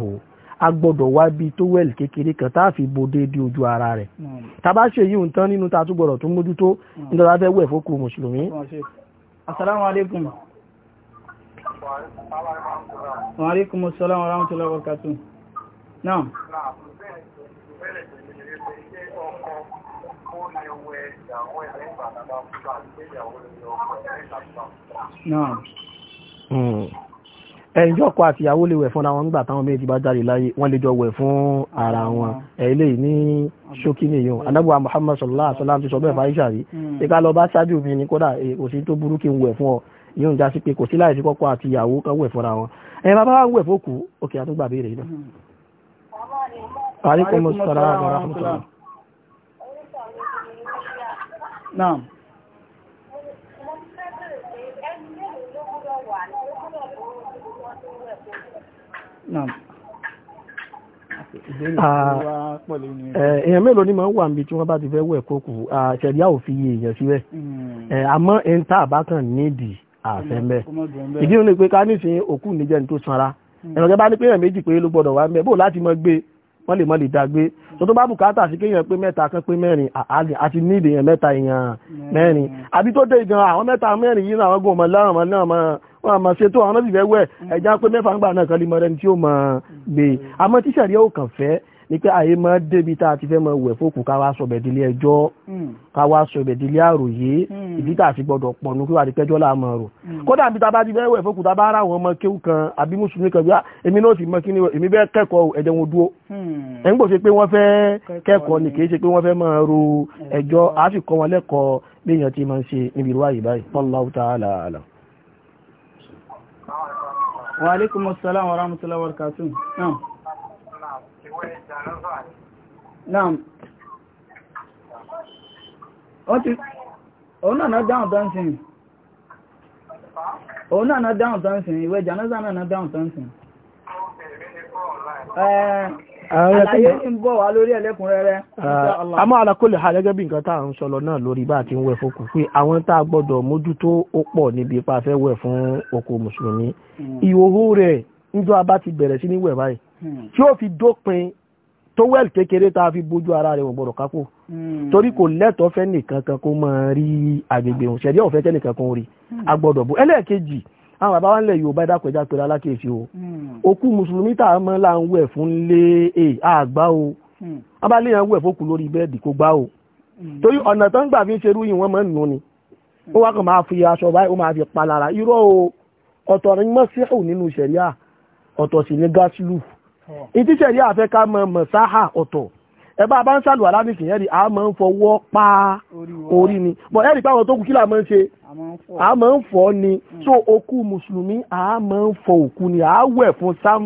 náà a gbọ́dọ̀ wá bíi tówẹ́lì kékeré kan tá a fi bo déédéé ojú ara rẹ̀ hmm. tàbá ṣe yìí ń tán nínú ta tún gbọ́dọ̀ tún mójútó hmm. nítorí afẹ́ wẹ̀ fókù mùsùlùmí. asalaamu aleykum. wa aleykum salaam wa rahmatullahi wa barakatuh. naam. naam. Hmm ẹ̀yìn ọkọ àti ìyàwó lè wẹ̀ fúnra wọn nígbà táwọn méjì bá jáde láyé wọ́n lè jọ wẹ̀ fún ara wọn eléyìí ní ṣókí nìyẹn anábùwà mm. muhammad sallallahu alaihi wasallam ti sọ bẹ́ẹ̀ fàáyíṣà rí ìka mm. lọ bá ṣáájú mi ní kódà kò sí tó burú kí n wẹ̀ fún ọ yóò já sí pé kò sí láìsí kọ́kọ́ àti ìyàwó kan wẹ̀ fúnra wọn ẹ̀yìn bàbá wa ń wẹ̀ fókù òkè àtúgbà béèrè Ah, eh, èèyàn mélòó ni máa ń wà níbi tí wọ́n bá ti fẹ́ wẹ̀ kókù ah, ṣẹ̀díà ò fi iye èèyàn síbẹ̀ hmm. eh, àmọ́ ẹ̀ńtà àbákan nídìí àfẹ́mẹ́ ìdí òun ni pé ká nísìnyí òkú níjẹ́ni tó sanra hmm. ẹ̀rọ̀gẹ́ bá ní pé èèyàn méjì pé ló gbọ́dọ̀ wà ń bó láti mọ gbé wọ́n lè mọ́ lè dágbé tó tó bá bùkátà sí kéèyàn pé mẹ́ta kan pé mẹ́rin àti ní ìdèyàn mẹ́ta èèyàn mẹ́rin àbí tó dé ìgan àwọn mẹ́ta mẹ́rin yìí náà wọ́n gùn mọ́ láwọn náà mọ́ wọn àmọ́ ṣètò àwọn náà sì fẹ́ wẹ̀ ẹ̀já pé mẹ́fà ń gbà náà kan lè mọ ẹni tí ó mọ gbé mm. àmọ́ tíṣẹ̀rí ó kàn fẹ́ ní pé àyè máa débi tá a ti fẹ́ máa wẹ̀ fókù ká wá sọ̀bẹ̀ délé ẹjọ́ hmm. ká wá sọ̀bẹ̀ délé àròyé hmm. ìdí tá a fi gbọ́dọ̀ pọ̀ nù kí wà ní pẹ́jọ́ là máa rò hmm. kódà bí tá a bá ti fẹ́ wẹ̀ fókù tá a bá rà wọn ọmọ kéwù kan àbí mùsùlùmí kan bí wá èmi náà sì mọ kí ni èmi bẹ́ẹ̀ kẹ́kọ̀ọ́ ẹ̀jẹ̀ wọn dúró ẹ̀ ń gbọ́ ṣe pé wọ́n fẹ́ kẹ́kọ̀ọ́ ni kì í ṣe pé wọ́n fẹ́ máa ro a sì kọ́ wọn lẹ́kọ̀ọ́ bí èèyàn ti máa ń ṣe níbi ìrú salam wa rahmatullahi wa barakatuh. Naam. Wọ́n ti, òun náà dáhùn tán sí. Òun náà dáhùn tán sí, ìwé jànáza náà dáhùn tán sí. Àlàyé ń bọ̀ wá lórí ẹlẹ́kùnrẹ́rẹ́. A máa ala kulli hal gẹ́gẹ́ bí nǹkan tá à ń sọlọ náà lórí bá ti ń wẹ̀ fókù pé àwọn tá a gbọ́dọ̀ mójútó ó pọ̀ níbi ipa fẹ́ wẹ̀ fún oko mùsùlùmí. Hmm. Ìhòhò rẹ̀ níjọ́ a bá ti bẹ̀rẹ̀ sí ní wẹ̀ báyìí. Hmm. tí ó fi dópin tówẹ́lì kékeré tá a fi bójú ara rẹ̀ gbọ́dọ̀ kápò hmm. torí kò lẹ́tọ̀ọ́ fẹ́ nìkan kan kó máa rí agbègbè òun ṣẹ̀dí ọ̀fẹ́ tẹ́nìkan kan rí hmm. agbọ́dọ̀ bó ẹlẹ́ẹ̀kejì àwọn bàbá wa ń lẹ̀ Yorùbá dákọjá pẹ̀lú alákèéfì o òkú mùsùlùmí tá a mọ́ là ń wẹ̀ fún lé àgbá e, o wọ́n bá léèyàn wẹ̀ fókù lórí bẹ́ẹ̀dì kó gbá o torí ọ̀nà tó ń gbà fi ń ṣerú yìí wọ́n máa ń nù ni ó wá kàn máa fi aṣọ báyìí ó máa fi palára irọ́ o ọ̀tọ̀ ni mọ́síhù nínú ṣẹ̀ríà ọ̀tọ̀ sì ni gásílù ìtíṣẹ̀ yìí àfẹ́ ká mọ mọ̀sáhà ọ̀tọ̀ ẹ bá a bá ń ṣàlùwà lánìkì yẹn ni a máa ń fọwọ́ pa orí ni bọ̀ ẹ̀rí pàwọn tó kù kí là máa ń ṣe a máa ń fọ́ ni so okú mùsùlùmí a máa ń fọ òkú ni a wẹ̀ fún sam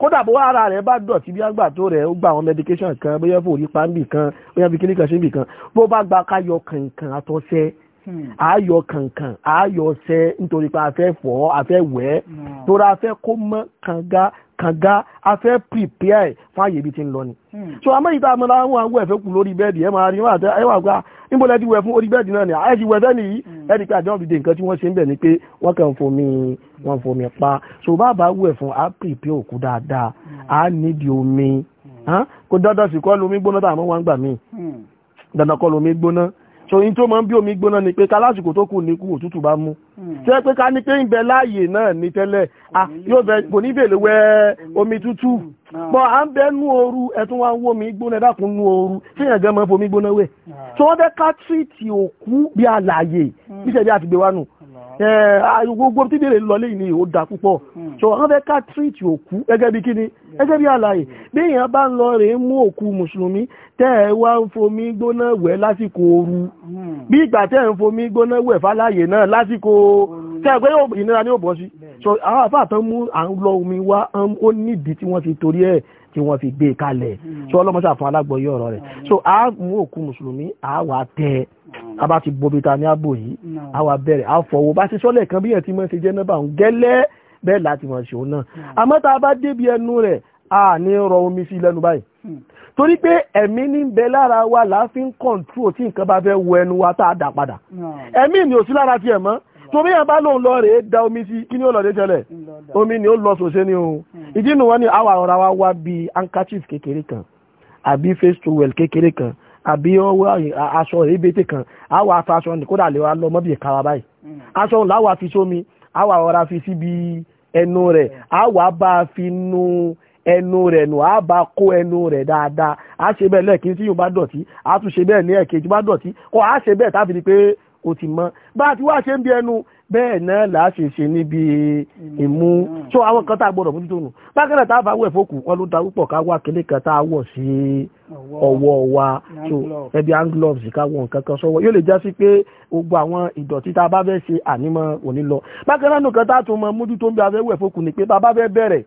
kódà bó ara rẹ̀ bá dọ̀tí bí àgbà tó rẹ̀ ó gba àwọn medication kan bóyá fò rí pàmbì kan bóyá bí kíní kan ṣe bì kan bó bá gba ká yọ kànkàn àtọ́sẹ́ àáyọ hmm. kànkàn àáyọ sẹ́ nítorí pé a fọ́ a fẹ́ hmm. tó ra fẹ́ kó mọ́ kànga kànga a fẹ́ prepare fáyè ibi tí ń lọ ni. Hmm. so àmọ́ ìta àmọ́ra àwọn àwọn ẹ̀fẹ́ kù lórí bẹ́ẹ̀dì ẹ̀ máa rí wọn àti ẹwà gba níbo lẹ́ẹ̀dì wẹ̀ fún orí bẹ́ẹ̀dì náà ni ẹ̀ ti wẹ̀ fẹ́ni yìí hmm. ẹ̀ ti pé àdéhùn fìdí nǹkan tí wọ́n ṣe ń bẹ̀ ni pé wọ́n kàn fomi wọ́n fomi pa so bàbá wẹ̀ fún a prepare òkú dáadáa a hmm. nídìí omi kó dandan sì kọ́ lomi gbóná táwọn wọn gbà míì dandan kọ́ lomi gbóná so in tó máa ń bí omi gbóná ni pé ká lásìkò tó kù ní kú òtútù bá mú tẹ́ hmm. pé ká ní pé ń bẹ láàyè náà ní tẹ́lẹ̀ yóò bẹ kò ní bèlè wẹ hmm. omi tútù hmm. bọ́ à ń bẹ nú ooru ẹ̀tún wa ń wó omi gbóná dákun nú ooru tí yẹn gan mọ́ fomi gbóná wẹ̀ so wọ́n fẹ́ ká tírìtì òkú bí alàyè bíṣẹ̀ bí a ti gbé wa nù eh, gbogbo tí bèrè lọ ni ó da púpọ̀ so wọ́n fẹ́ ká tírìtì òkú gẹ́gẹ́ bí kíni gẹ́gẹ́ bí alàyè bí èèyàn bá ń lọ rèé mú òkú mùsùlùmí tẹ́ ẹ wá ń fomi gbóná wẹ̀ lásìkò ooru hmm. bí ìgbà tẹ́ ẹ ń fomi gbóná wẹ̀ fáláyè náà lásìkò tẹ́ ìnira ni ó bọ́ sí so àwọn àfáà tán mú à ń lọ omi wá ó nídìí tí wọ́n ti torí ẹ̀ tí wọ́n fi gbé e kalẹ̀ hmm. so ọlọ́mọṣà fún alágbọ̀yé ọ̀rọ̀ rẹ̀ so a mú òkú mùsùlùmí a wà tẹ́ ẹ hmm. a bá ti bobi ta ní ààbò yìí a wà bẹ̀rẹ̀ a fọwọ́ bá ti sọ́lẹ̀ kan bí ẹ̀ ti mọ́ ṣe jẹ́ náà gẹ́lẹ́ bẹ́ẹ̀ láti mọ̀ ṣe òun náà àmọ́ tá a bá débi ẹnu rẹ̀ a ní rọ omi sí lẹ́nu báyìí torí pé ẹ̀mí ní bẹ lára wa là á fi ń kọ̀ǹtró tí nǹkan bá fẹ́ wọ ẹnu wa tá a dà padà ẹ̀mí ni ò sí lára tiẹ̀ mọ́ torí ẹ̀ bá lóun lọ rèé da omi sí kí ni ó lọ tẹ́lẹ̀ omi ni ó lọ sòṣe ni o hmm. ìdí nu wọn ni àwọn àrọ̀ra wa wá bí handkerchief kékeré kan àbí face towel kékeré kan àbí ọwọ́ aṣọ ìrébété kan àwọn afaṣọ ní kódà lè wa lọ mọ́bí ìka wa báyìí hmm. aṣọ òun láwà fi sómi àwọn àrọ̀ra fi síbi ẹnu rẹ̀ àwọn bá fi nu ẹnu rẹ̀ nù á bá kó ẹnu rẹ̀ dáadáa á ṣe bẹ́ẹ̀ lẹ́ẹ̀kejì tí yóò bá dọ̀tí á tún ṣe bẹ́ẹ̀ ní ẹ̀kejì bá dọ̀tí kọ́ á ṣe bẹ́ẹ̀ tábìlì pé o ti mọ́ bá a ti wá ṣe ń bí ẹnu bẹ́ẹ̀ náà là á ṣe ṣe níbi ìmú tó àwọn kan tá a gbọ́dọ̀ mójútó nù bákan náà tá a bá wẹ̀ fókù wọn ló da púpọ̀ ká wá kíní kan tá a wọ̀ sí ọwọ́ wa so ẹbí hand gloves ká wọ̀ nǹkan kan sọ́wọ́ yóò lè já sí pé gbogbo àwọn ìdọ̀tí tá a bá fẹ́ ṣe ànímọ́ òní lọ bákan náà nǹkan tá a tún mọ mójútó ń bí a fẹ́ wẹ̀ fókù ni pé bá fẹ́ bẹ̀rẹ̀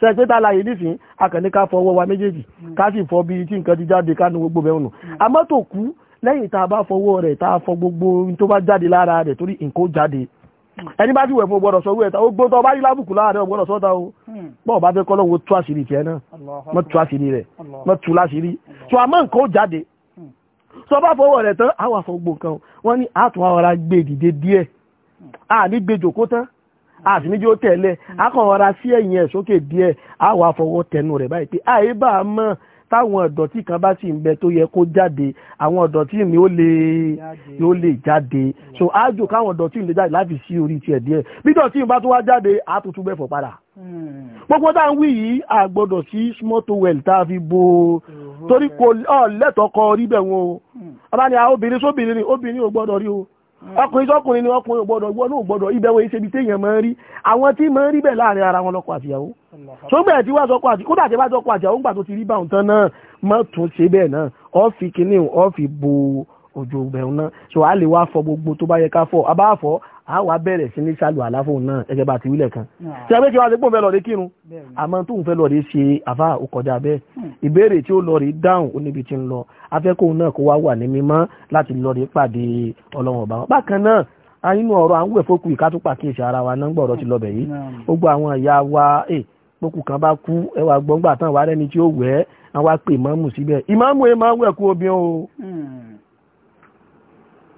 sẹ́gbẹ́ta láyé nísìn akànní ká fọwọ́ wa méjèèjì mm. ká sì fọ bí tí nǹkan ti jáde ká nu gbogbo bẹ́ẹ̀ nù àmọ́ tó kú lẹ́yìn tá a bá fọwọ́ rẹ̀ tá a fọ gbogbo tó bá jáde lára rẹ̀ torí nǹkan ó jáde mm. ẹni bá ti wẹ̀ fún ọ gbọ́dọ̀ sọ wẹ̀ ta ó gbọ́ tó bá rí lábùkù láàrẹ̀ ọ gbọ́dọ̀ sọ́ta o mm. bọ́ọ̀ bá fẹ́ kọ́lọ́wọ́ tú àṣírí tiẹ̀ náà mọ́ tú àṣírí rẹ̀ mọ́ tú láṣírí tó àmọ́ nǹkan ó jáde sọ bá fọwọ́ rẹ̀ tán àwọn àfọgbò kan wọ́n ní àtún àwọn ará díẹ̀ àní gbé tán àti níjó tẹ̀lé akọ̀wọ́ra sí ẹ̀yìn ẹ̀ sókè díẹ̀ àwọn afọwọ́ tẹnu rẹ̀ báyìí pé àyíbá mọ́ táwọn ọ̀dọ̀tí kan bá sì ń bẹ tó yẹ kó jáde àwọn ọ̀dọ̀tí mi ó lè jáde so ájò káwọn ọ̀dọ̀tí lè jáde láti sí orí tiẹ̀ díẹ̀ bí dọ̀tí bá tó wá jáde àtútù bẹ́ẹ̀ fọ̀ padà hmm. gbogbo tá ń wí yìí a gbọ́dọ̀ sí small towel tá a fi bo torí kò lẹ́tọ̀ọ́ kọ rí bẹ̀ wọn o ọba ni àwọn obìnrin sóbìnrin obìnrin ò gbọ́dọ̀ rí o ọkùnrin sọkùnrin ni ọkùnrin ògbọ́dọ̀ ìwọ náà ògbọ́dọ̀ ibẹ̀ wọ́n ìṣebi téèyàn máa ń rí àwọn tí máa ń rí bẹ̀ láàrin ara wọn lọ́kọ àtìyàwó sógbẹ̀ tí wá sọkọ àti kódà tí wá sọkọ àtìyàwó ńgbà tó ti rí báwọn tán náà má tún ṣe bẹ́ẹ̀ náà ọ́ fi kinní ọ́ fi bo òjò bẹ̀rù náà so a lè wá fọ gbogbo tó bá yẹ ká fọ abáfọ́ a wá bẹ̀rẹ̀ sí ní ṣàlù àláfóun náà gẹ́gẹ́ bá ti wílẹ̀ kan tí ah. a bẹ́ kí wá sí pò ń fẹ́ lọ rí kírun àmọ́ tó ń fẹ́ lọ rí ṣe àfá òkọjá bẹ́ẹ̀ hmm. ìbéèrè tí ó lọ rí dáhùn oníbi tí ń lọ afẹ́kọ̀ọ́ náà kó wá wà ní mímọ́ láti lọ pàdé ọlọ́run ọba bákan náà a ọ̀rọ̀ à ń wẹ̀ fókù ìkátúpà kí ara wa náà gbọ̀rọ̀ ti lọ́bẹ̀ yìí ó gbọ́ àwọn ìyá wa pókù kan bá kú ẹwà gbọ́ngbà tán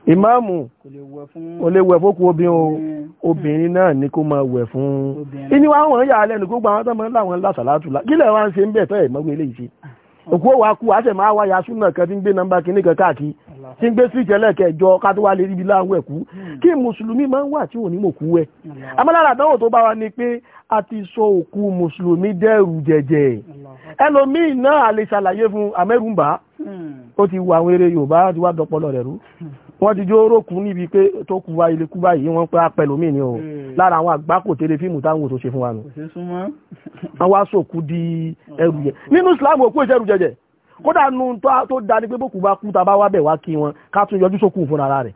ìmáàmù kò lè wẹ̀ fókù obìnrin obìnrin náà ní kó máa wẹ̀ fún inú wa wọ̀n yà lẹ́nu gbogbo àwọn tó láwọn lásàlátù la kí lẹ́wọ̀n ṣe ń bẹ̀ tọ́ ẹ̀ mọ́gbé eléyìí ṣe òkú ó wá kú àṣẹ máa wáyà súnà kan tí ń gbé nọ́mbà kínní kan káàkiri tí ń gbé síríìtì ẹlẹ́kẹ̀ẹ́jọ ká tó wá lè ríbi láwọn ẹ̀kú hmm. kí mùsùlùmí máa ń wà tí ò ní mòkú wẹ̀ amálára àdánwò tó bá wa ni pé a ti sọ òkú mùsùlùmí dẹ̀rù jẹ̀jẹ̀ ẹlòmíì náà a lè ṣàlàyé fún amẹ́rùmbá hmm. ó ti wà àwọn eré Yorùbá ti wá dọpọlọ rẹ̀ rú hmm wọ́n ti jó rókù níbi pé tó kú wa ilé kú báyìí wọ́n pẹ́ apẹ̀lómì ni o hmm. lára àwọn àgbákò tẹ́lẹ̀ fíìmù táwọn tó ṣe fún wa nù. wọ́n wá di ẹrù jẹ nínú Islam òkú ìṣẹ́rù jẹjẹ kódà nu tó da ni pé bókù bá kú tá bá wá bẹ̀ wá kí wọn ká tún yọjú sókù fún ara rẹ̀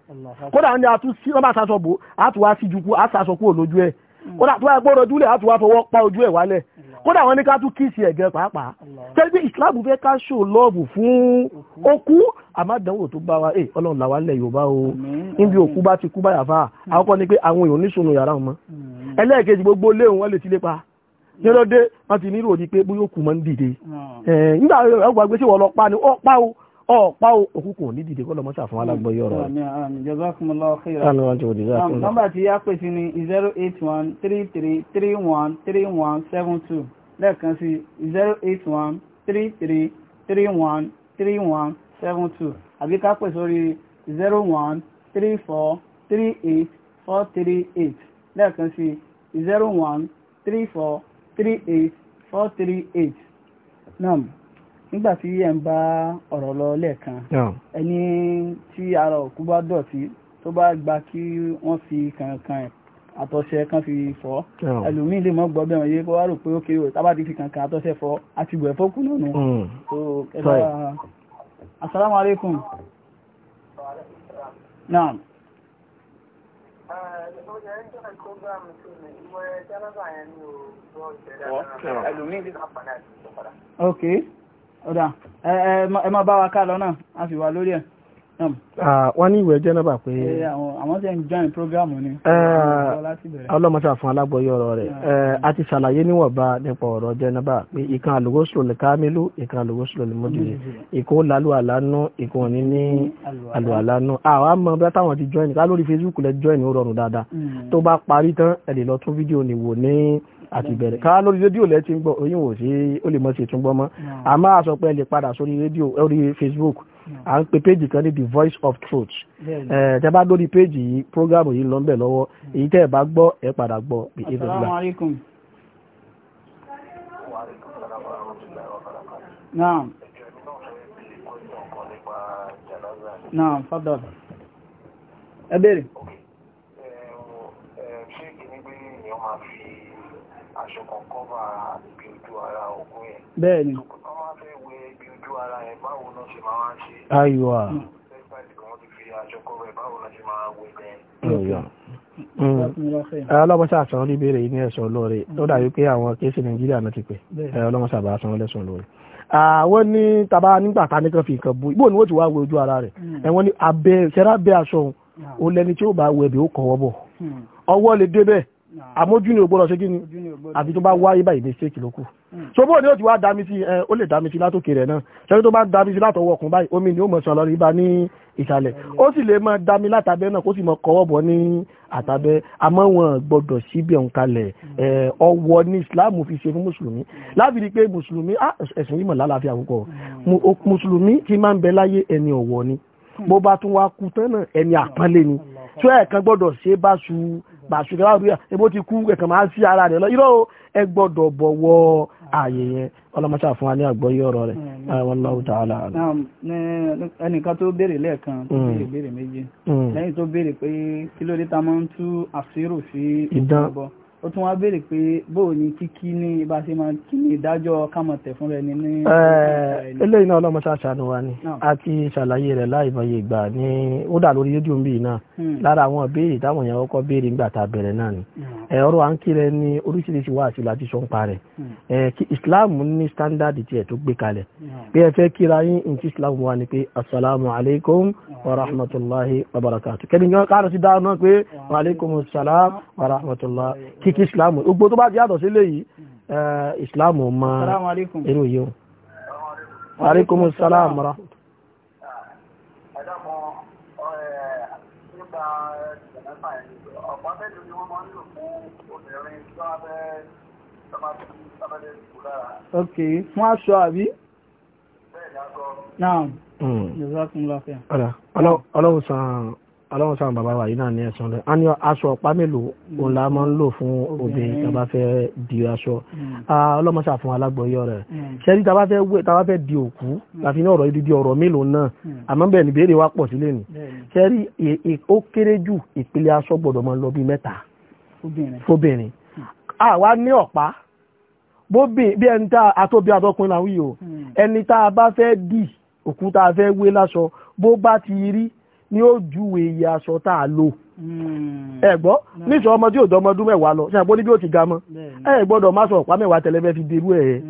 kódà ní atú sí ọba sasọ bò á síjú kú á kú òlójú ẹ̀ hmm. kódà tó wá gbọ́dọ̀ júlẹ̀ á fọwọ́ pa ojú ẹ̀ wálẹ̀ kódà wọn ní ká tún kíìsì ẹ̀gẹ́ pàápàá tẹ́gbẹ́ ìsìláàmù fẹ́ ká ṣò lọ́ọ̀bù fún okú àmádánwò tó bá wa ẹ eh, ọlọ́run làwa lẹ̀ yorùbá o níbi òkú bá ti kú báyà fà àkọ́kọ́ ni pé àwọn èèyàn níṣòro yàrá wọn ẹlẹ́ẹ̀kejì gbogbo léhùn wọn lè ti lépa nílọ́dé wọn ti nírò ní pé bóyá òkú máa ń dìde eh, nígbà ọgbà gbé sí wọn lọ pa ni ọ pa o ọ̀pá òkúkùn ní dìde kọ́lọ̀ mọ́sà fún zero eight one three three three one three one seven two lẹ́ẹ̀kan sí zero eight one three three three one three one seven two àbí ká pè sórí zero one three four three eight four three eight lẹ́ẹ̀kan sí zero one three four three eight four three eight nam nígbà tí ẹ̀ ń bá ọ̀rọ̀ lọ lẹ́ẹ̀kan ẹni tí ara òkú bá dọ̀tí tó bá gba kí wọ́n fi kànkàn ẹ̀ àtọ̀ṣẹ kan fi fọ́ ẹlòmíì lè mọ́ gbọ́ bẹ́ẹ̀ wọ́n yé kó wá rò pé ó kéré tábà ti fi kankan àtọ̀ṣẹ fọ́ àti ìwẹ̀ fọ́kù lónìí. Hmm. so ẹ̀dá asalaamu aleykum. naam. ok ọ̀dà ẹ máa bá wa ká lọ náà a sì wà lórí ẹ̀ wọ́n ní ìwẹ̀ jẹ́nàbà pé àwọn tẹ́ ń join program ni ọlọ́mọta fún alágbọ̀yé ọ̀rọ̀ rẹ̀ a ti ṣàlàyé níwọ̀nba nípa ọ̀rọ̀ jẹ́nàbà pé ìkan àlùgọ́sùlò lè kámílù ìkan àlùgọ́sùlò lè mọ́dìrì ìkó lálù àlánú ìkó ní ní àlù àlánú àwọn bí táwọn ti join ká lórí Facebook lẹ join ó rọrùn dáadáa mm. tó bá parí tán ẹ lè lọ tún fídíò ní wò ní àti ìbẹ̀rẹ̀ ká lórí rédíò lẹ́ ti ń gbọ́ oyin wò sí ó lè mọ̀ sí ìtúngbọ́n mọ́ àmọ́ mm. àsọpẹ́ lè padà sórí rédíò orí Facebook à ń pe péjì kan ní the voice of truth ẹ tẹ bá lórí péjì yìí program yìí lọ ń bẹ lọ́wọ́ hmm. èyí tẹ ẹ bá gbọ́ ẹ padà gbọ́ bí ẹ fẹ gbà. ẹ béèrè. ṣé kìíní ni wọ́n máa fi wà ibi ojú ara òkú yẹn. bẹ́ẹ̀ni. wọ́n wá fẹ́ wẹ ibi ojú ara yẹn báwo náà ṣe máa ń ṣe. ayiwa. Mm. Ọlọ́mọṣà àṣàn ní ìbéèrè yìí ní ẹ̀sọ̀ lóore, ó dàbí pé àwọn kéèsì Nàìjíríà náà ti pẹ̀, ọlọ́mọṣà bá aṣọ lẹ́sọ̀ lóore àwọn ní tàbá nígbàtà nìkan fi nǹkan bú ìbò ni wọ́n ti wá wo ojú ara rẹ̀ mm. ẹ̀wọ́n ni abẹ́ ṣẹ́rá bẹ́ aṣọ òun mm. lẹni tí ó bá wẹ̀bẹ̀ ó kọ̀wọ́ bọ̀ ọwọ́ lè débẹ̀ Ah. àmójú ni ògbọ́dọ̀ ṣe kí ni àfi tó bá wáyé báyìí mistake ló kù hmm. so bó ni ó ti wá dami sí ẹ ó lè dami sí látòkè rẹ̀ náà ṣẹ́ni tó bá ń dami sí látọwọ́ ọkùn báyìí omi ni ó mọ̀ sọ̀rọ̀ ibà ní ìsàlẹ̀ ó sì lè mọ dami látàbẹ́ náà kó sì mọ kọ́wọ́ bọ̀ ní àtàbẹ́ àmọ́ wọn gbọ́dọ̀ síbẹ̀ ń kalẹ̀ hmm. ọwọ́ ní Islam fi ṣe fún mùsùlùmí hmm. láti rí pé mùsùlùmí ẹ̀sìn yìí mọ̀ lálàáfíà púpọ̀ mùsùlùmí ti máa ń bẹ láyé ẹni ọ̀wọ̀ ni bó bá tún wá kú tán náà ẹni àpọ́nlé ni tó ẹ̀ẹ̀kan gbọ́dọ̀ ṣe bá su bàṣùkẹ wà rúbíà ebó ti kú ẹkàn máa sí ara rẹ lọ irọ́ ẹ gbọ́dọ̀ bọ̀wọ̀ ààyè yẹn ọlọmọṣà fún wa ní àgbọ́yé ọ̀rọ̀ rẹ̀ wallahu ta'ala. ẹnìkan tó béèrè lẹ́ẹ̀kan tó béèrè mm. béèrè méjì mm. lẹ́yìn tó béèrè pé kí ló dé ta máa ń tú àṣírò sí ìdánbọ̀ ó tún wá béèrè pé bóò ni kíkí ní bá ṣe máa kí ni ìdájọ́ kámọ̀tẹ̀ fún rẹ ní ní. eléyìí náà ọlọ́mọ ṣàṣàánú wa ni a ti ṣàlàyé rẹ̀ láìmọye ìgbà ní ó dà lórí rédíò ń bì náà hmm. lára àwọn béèrè táwọn èèyàn kọ́kọ́ béèrè ńgbà tá a bẹ̀rẹ̀ náà ni. Hmm. Eh, ọ̀rọ̀ à ń kí rẹ ní oríṣiríṣi wá àti láti sọ ń pa rẹ̀ hmm. eh, islam ní standard tiẹ̀ tó gbé kalẹ̀ hmm. bí ẹ fẹ́ kíra yín ní ti islam wa ni pé asalaamu alaykum wa rahmatulahi wa barakatu kẹ́ni yọ káàrọ̀ sí dáná pé hmm. wa alaykum salaam wa rahmatulah kíkí islam gbogbo tó bá ti yàtọ̀ sí léyìí eh, islam ma irú yìí o wa alaykum salaam wa rahmatulah. ok wọ́n aṣọ àbí náà hmm. ọlọ́run san ọlọ́run san bàbá wa yìí náà ní ẹ̀sán rẹ̀ a ní aṣọ ọ̀pá mélòó òun la máa ń lò fún obìnrin tàbá fẹ́ di aṣọ hmm. ọlọ́mọṣà fún alágbọ̀yọ́ rẹ̀ hmm. ṣẹ́rí tàbá fẹ́ wẹ̀ tàbá fẹ́ di òkú láti ní ọ̀rọ̀ ìdídí ọ̀rọ̀ mélòó náà àmọ́ bẹ́ẹ̀ ni béèrè wa pọ̀ sílẹ̀ ni ṣẹ́rí ó kéré jù ìpele aṣọ gbọ́dọ̀ máa lọ bí mẹ́ta fóbìnrin àwa ní ọ̀pá bí ẹni tá àtóbi àtọkùnrin làwọn yìí o hmm. ẹni tá a bá fẹ́ dì òkúta fẹ́ wé láṣọ bó bá ti rí ni ó ju iye aṣọ tá a lò hmm. ẹ̀gbọ́ hmm. ọmọ tí ò mẹ́wàá lọ ṣe àpò níbi ó ti ga mọ́ ẹ gbọ́dọ̀ má sọ ọ̀pá mẹ́wàá tẹ̀lé fẹ́ fi derú ẹ̀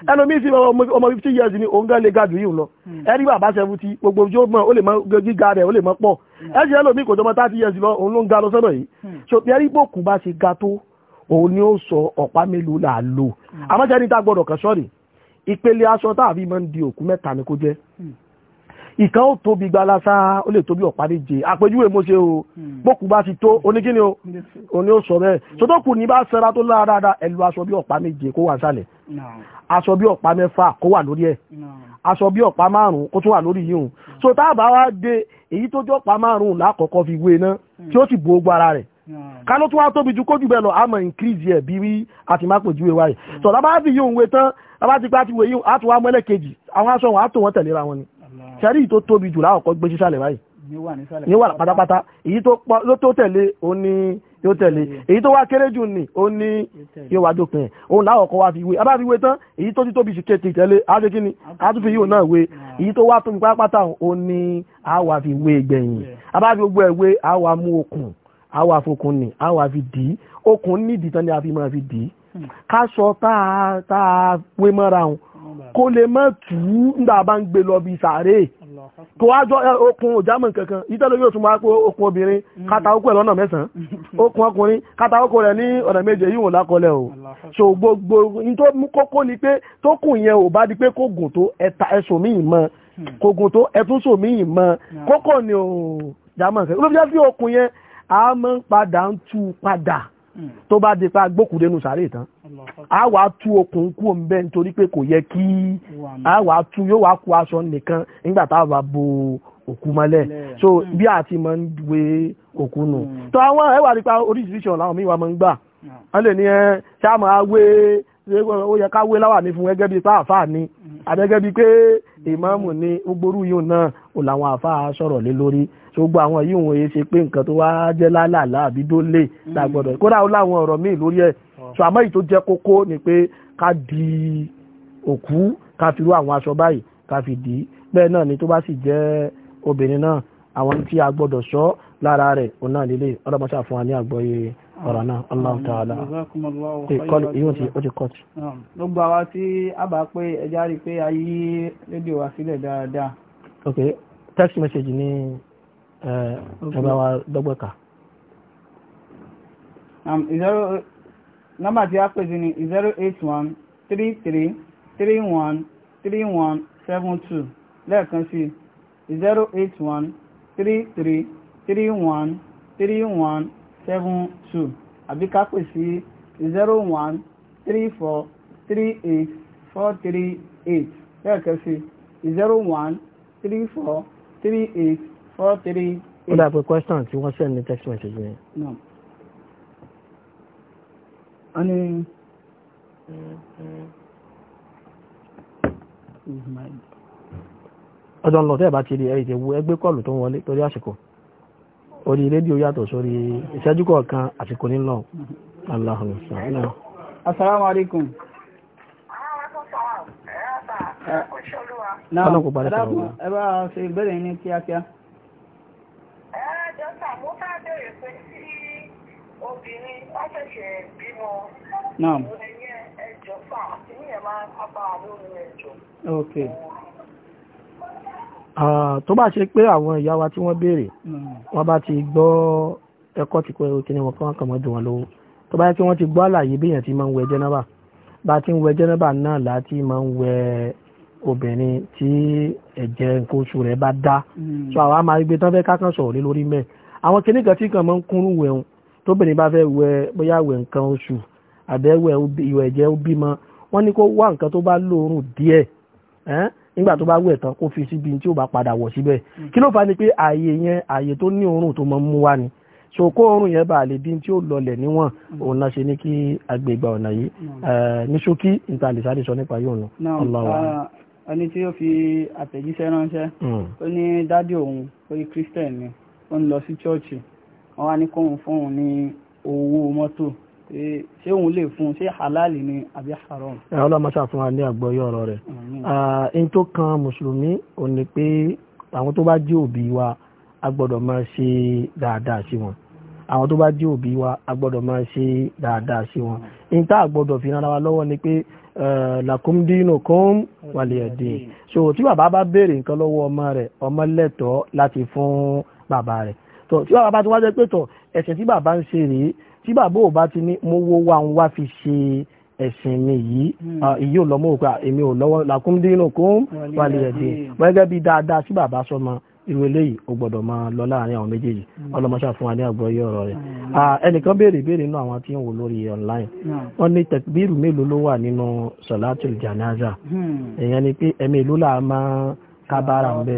Hmm. ẹlòmíì sí ọmọ fifty years ni òun gán lè ga jù yìí lọ hmm. ẹni bàbá seventy gbogbo ojú mọ ó lè mọ gíga rẹ ó lè mọ pọ ẹsẹ ẹlòmíì kò jọmọ thirty years lọ òun ló ń ga lọ sọ́dọ̀ yìí so ẹni pé òkú bá ṣe ga tó òun ni ó sọ ọ̀pá mélòó là á lò hmm. àmọ́ sẹ́ni tá gbọ́dọ̀ kàn sọ́ọ̀rì ìpele aṣọ tá àbí máa ń di òkú mẹ́ta ni kó jẹ́ ìkan ó tóbi gbalasa ó lè tóbi ọ̀pá méje àpèjúwe mo ṣe o hmm. bókù bá ti tó oníkíni o òní ó sọ bẹ́ẹ̀ hmm. sọtọ́kù ní bá sẹ́ra tó lára dáadáa ẹ̀lú aṣọ bí ọ̀pá méje kó wà sálẹ̀ aṣọ bí ọ̀pá mẹ́fà kó wà lórí ẹ̀ aṣọ bí ọ̀pá márùn-ún kó tún wà lórí yìí o so tá a bá wá dé èyí tó jẹ́ ọ̀pá márùn-ún lákọ̀ọ́kọ́ fi wé ná hmm. tí ó sì bo ogbó ara rẹ̀ ká ló tún wá tóbi ju kójú bẹ́ẹ̀ lọ àmọ́ increase ẹ̀ bí wí àti má pè júwe wáyé sọ̀rọ̀ bá fi yíò ń wé tán bá ti gbá ti wé yíò á tún wá mọ́lẹ̀ kejì àwọn aṣọ wọn á tò wọ́n tẹ̀léra wọn ni ṣẹ́rí tó tóbi jù láwọ̀kọ́ gbé sísàlẹ̀ báyìí ní wà pátápátá èyí tó tẹ̀lé ó ní yóò tẹ̀lé èyí tó wá kéré jù ní ó ní yóò wá dópin ẹ̀ òun láwọ̀kọ́ wá fi wé abá fi wé tán èyí tó ti tóbi sí kéèkì tẹ̀lé ájé kí ni átúfi yóò náà wé ah. èyí tó wá tóbi pátápátá ó ní àwà fi wé gbẹ̀yìn abá fi gbogbo ẹ̀ wé àwà mú okùn àwà fokùn ní àwà fi dì í okùn nídìí tán ni a fi máa fi dì í hmm. ká sọ tá a wé mọ́ra òun kó lè mọ́ tù ú nígbà bá ń gbé lọ bí sàárè kó wá jọ okun òjámọ̀ kankan ìtẹ́lẹ̀ yóò tún máa pé okun obìnrin mm. kàtà okun ẹ̀ lọ́nà mẹ́sàn-án okun ọkùnrin kàtà rẹ̀ ní ọ̀nà méje yìí wò lákọlẹ̀ o so gbogbo ní tó mú kókó ni pé tó kù yẹn ò bá di pé kó gùn tó ẹ̀ta ẹ̀sùn míì mọ́ hmm. kó gùn tó ẹ̀tún sùn míì mọ́ kókó ni ò jámọ̀ kankan olóòjá sí okun yẹn a padà ń tú padà tó bá di pa gbókùdénú sàárè tán a wá tú okùn kú òǹbẹ́ nítorí pé kò yẹ kí a wá tú yóò wá kú aṣọ nìkan nígbà tá a bá bo òkú mọ́lẹ̀ so hmm. bí a ti máa ń wé òkú nù hmm. tó àwọn ẹwà nípa oríṣiríṣi ọ̀nà àwọn míì wà máa ń gbà hmm. wọ́n lè ní ẹ ṣáà máa wé ṣé ó yẹ ká wé láwà ní fún gẹ́gẹ́ bíi pàáfà ni àbẹ́gẹ́ bíi pé ìmáàmù ni gbogbo yìí náà ò làwọn àfáà sọ̀rọ̀ lé lórí ṣùgbọ́n àwọn yìí wọ̀nyí ṣe pé nǹkan tó wá jẹ́ lálàlá àbí dólé lágbọ́dọ̀ hmm. kódà ó láwọn ọ̀rọ̀ míì lórí ẹ̀ sọ hmm. àmọ́ èyí tó jẹ́ kókó ni pé ká di òkú ká fi rú àwọn aṣọ báyìí ká fi dì í bẹ́ẹ̀ náà ni tó bá sì jẹ́ obìnrin náà àwọn tí a gbọ́dọ̀ sọ lára rẹ̀ òun ọ̀rọ̀ náà Allahu Ta'ala ìyóò tí ó ti kọ́ tí. gbogbo àwa tí a bá pé ẹja rí pé a yí rédíò wa sílẹ̀ dáadáa. ok text message ní ẹgbẹ́ wa dọ́gbẹ́ka. nọ́mbà tí a pè sí ni zero eight one three three three one three one seven two lẹ́ẹ̀kan sí zero eight one three three three one three one seven two àbí ká pè sí zero one three four three eight four three eight lẹ́ẹ̀kan sí zero one three four three eight four three eight. ó dà pé question tí wọ́n send ní text message yẹn. No. wọ́n ní. ọjọ́ ń lọ tẹ́ ẹ̀ bá ti rí ẹ̀ ìdíwọ́ ẹgbẹ́ kọ́ọ̀lù tó ń wọlé torí àsìkò orí rédíò yàtọ̀ sórí ìṣẹ́jú kọ̀ọ̀kan àsìkò nílọ aláhùn sàánà. asalaamu alaykum. ọlọ́run kò parí sọ̀rọ̀ wa. ẹ bá a ṣe ìbéèrè ní kíákíá. ẹ dọ́kítà mo fẹ́ bẹ̀rẹ̀ pé tí obìnrin bá ṣẹ̀ṣẹ̀ bímọ. náà. ìyẹn ẹjọ́ fà ìyẹn máa ń sábà lórí ẹjọ́. ok. Ah, tó bá ṣe pé àwọn ìyá wa tí wọ́n béèrè hmm. wọ́n bá ti gbọ́ ẹ̀kọ́ tí kò kí ni wọ́n kàn kàn mọ́ dùn wọn lówó tó bá yẹ kí wọ́n ti gbọ́ àlàyé béèyàn ti máa ń wẹ jẹ́nẹ́bà bá ti ń wẹ jẹ́nẹ́bà náà láti máa ń wẹ obìnrin tí ẹ̀jẹ̀ nǹkan oṣù rẹ̀ bá dá hmm. so àwa máa gbé tán fẹ́ kákan sọ̀rọ̀ lé lórí mẹ́ẹ̀ àwọn kinní kan tí kan máa ń kúrú wẹ̀hún tóbìnrin bá fẹ́ wẹ bóyá wẹ nǹkan oṣù àbẹ́wẹ̀ ìwẹ̀ ó bímọ wọ́n ní kó wá nǹkan tó bá lóorùn díẹ̀ nígbà tó bá wẹ̀ tán kó fi síbi tí ó bá padà wọ̀ síbẹ̀ hmm. kí ló fà ní pé ààyè yẹn ààyè tó ní òórùn tó máa mú wá ni so kó òórùn yẹn bá lè dín tí ó lọlẹ̀ níwọ̀n hmm. òun náà ṣe ní kí agbègbè ọ̀nà yìí hmm. ní ṣókí ìtàlẹ̀sáré sọ nípa yóò nù. Uh, ẹni tí ó fi àtẹ̀jíṣẹ́ ránṣẹ́ ó ní dádì òun orí Christian ni ó ń lọ sí chọ́ọ̀chì wọ́n wá ní kóun fóun ní owó mọ́tò ṣé òun lè fún un ṣé halali ni àbí haram. ẹ ọlọ́mọṣà fún wa ní àgbọ̀yé ọ̀rọ̀ rẹ̀ ẹni tó kan mùsùlùmí ò ní pé àwọn tó bá jẹ́ òbí wa a gbọ́dọ̀ máa ṣe dáadáa sí wọn àwọn tó bá jẹ́ òbí wa a gbọ́dọ̀ máa ṣe dáadáa sí wọn ní tá a gbọ́dọ̀ fi rárá wa lọ́wọ́ ni pé làkúndínú kún wàlẹ̀dín so tí bàbá bá béèrè nǹkan lọ́wọ́ ọmọ rẹ̀ ọmọ lẹ́tọ̀ọ́ láti fún bàbá rẹ̀ tó tí bàbá bá ti wá pé tọ̀ ẹ̀sìn tí bàbá ń ṣe rèé tí bàbá ò bá ti ní mo wo wa ń wá fi ṣe ẹ̀sìn mi yìí hmm. ah, èyí ò lọ́mọ òkú ah, èmi ò lọ́wọ́ làkúndínú kún wàlẹ̀ ẹ̀dẹ̀ gẹ́gẹ́ bí dáadáa sí bàbá sọmọ irú eléyìí ó gbọ́dọ̀ máa lọ láàrin àwọn méjèèjì hmm. ọlọmọṣà fún wa ní àgbọ́yé ọ̀rọ̀ rẹ̀ hmm. ah, ẹnìkan béèrè béèrè nínú àwọn tí ń wò lórí online wọ́n ní tẹkbírù mélòó ló wà nínú sọ̀látìl jànáza èèyàn ni pé ẹ̀mí ìlú là máa kábàárà ń bẹ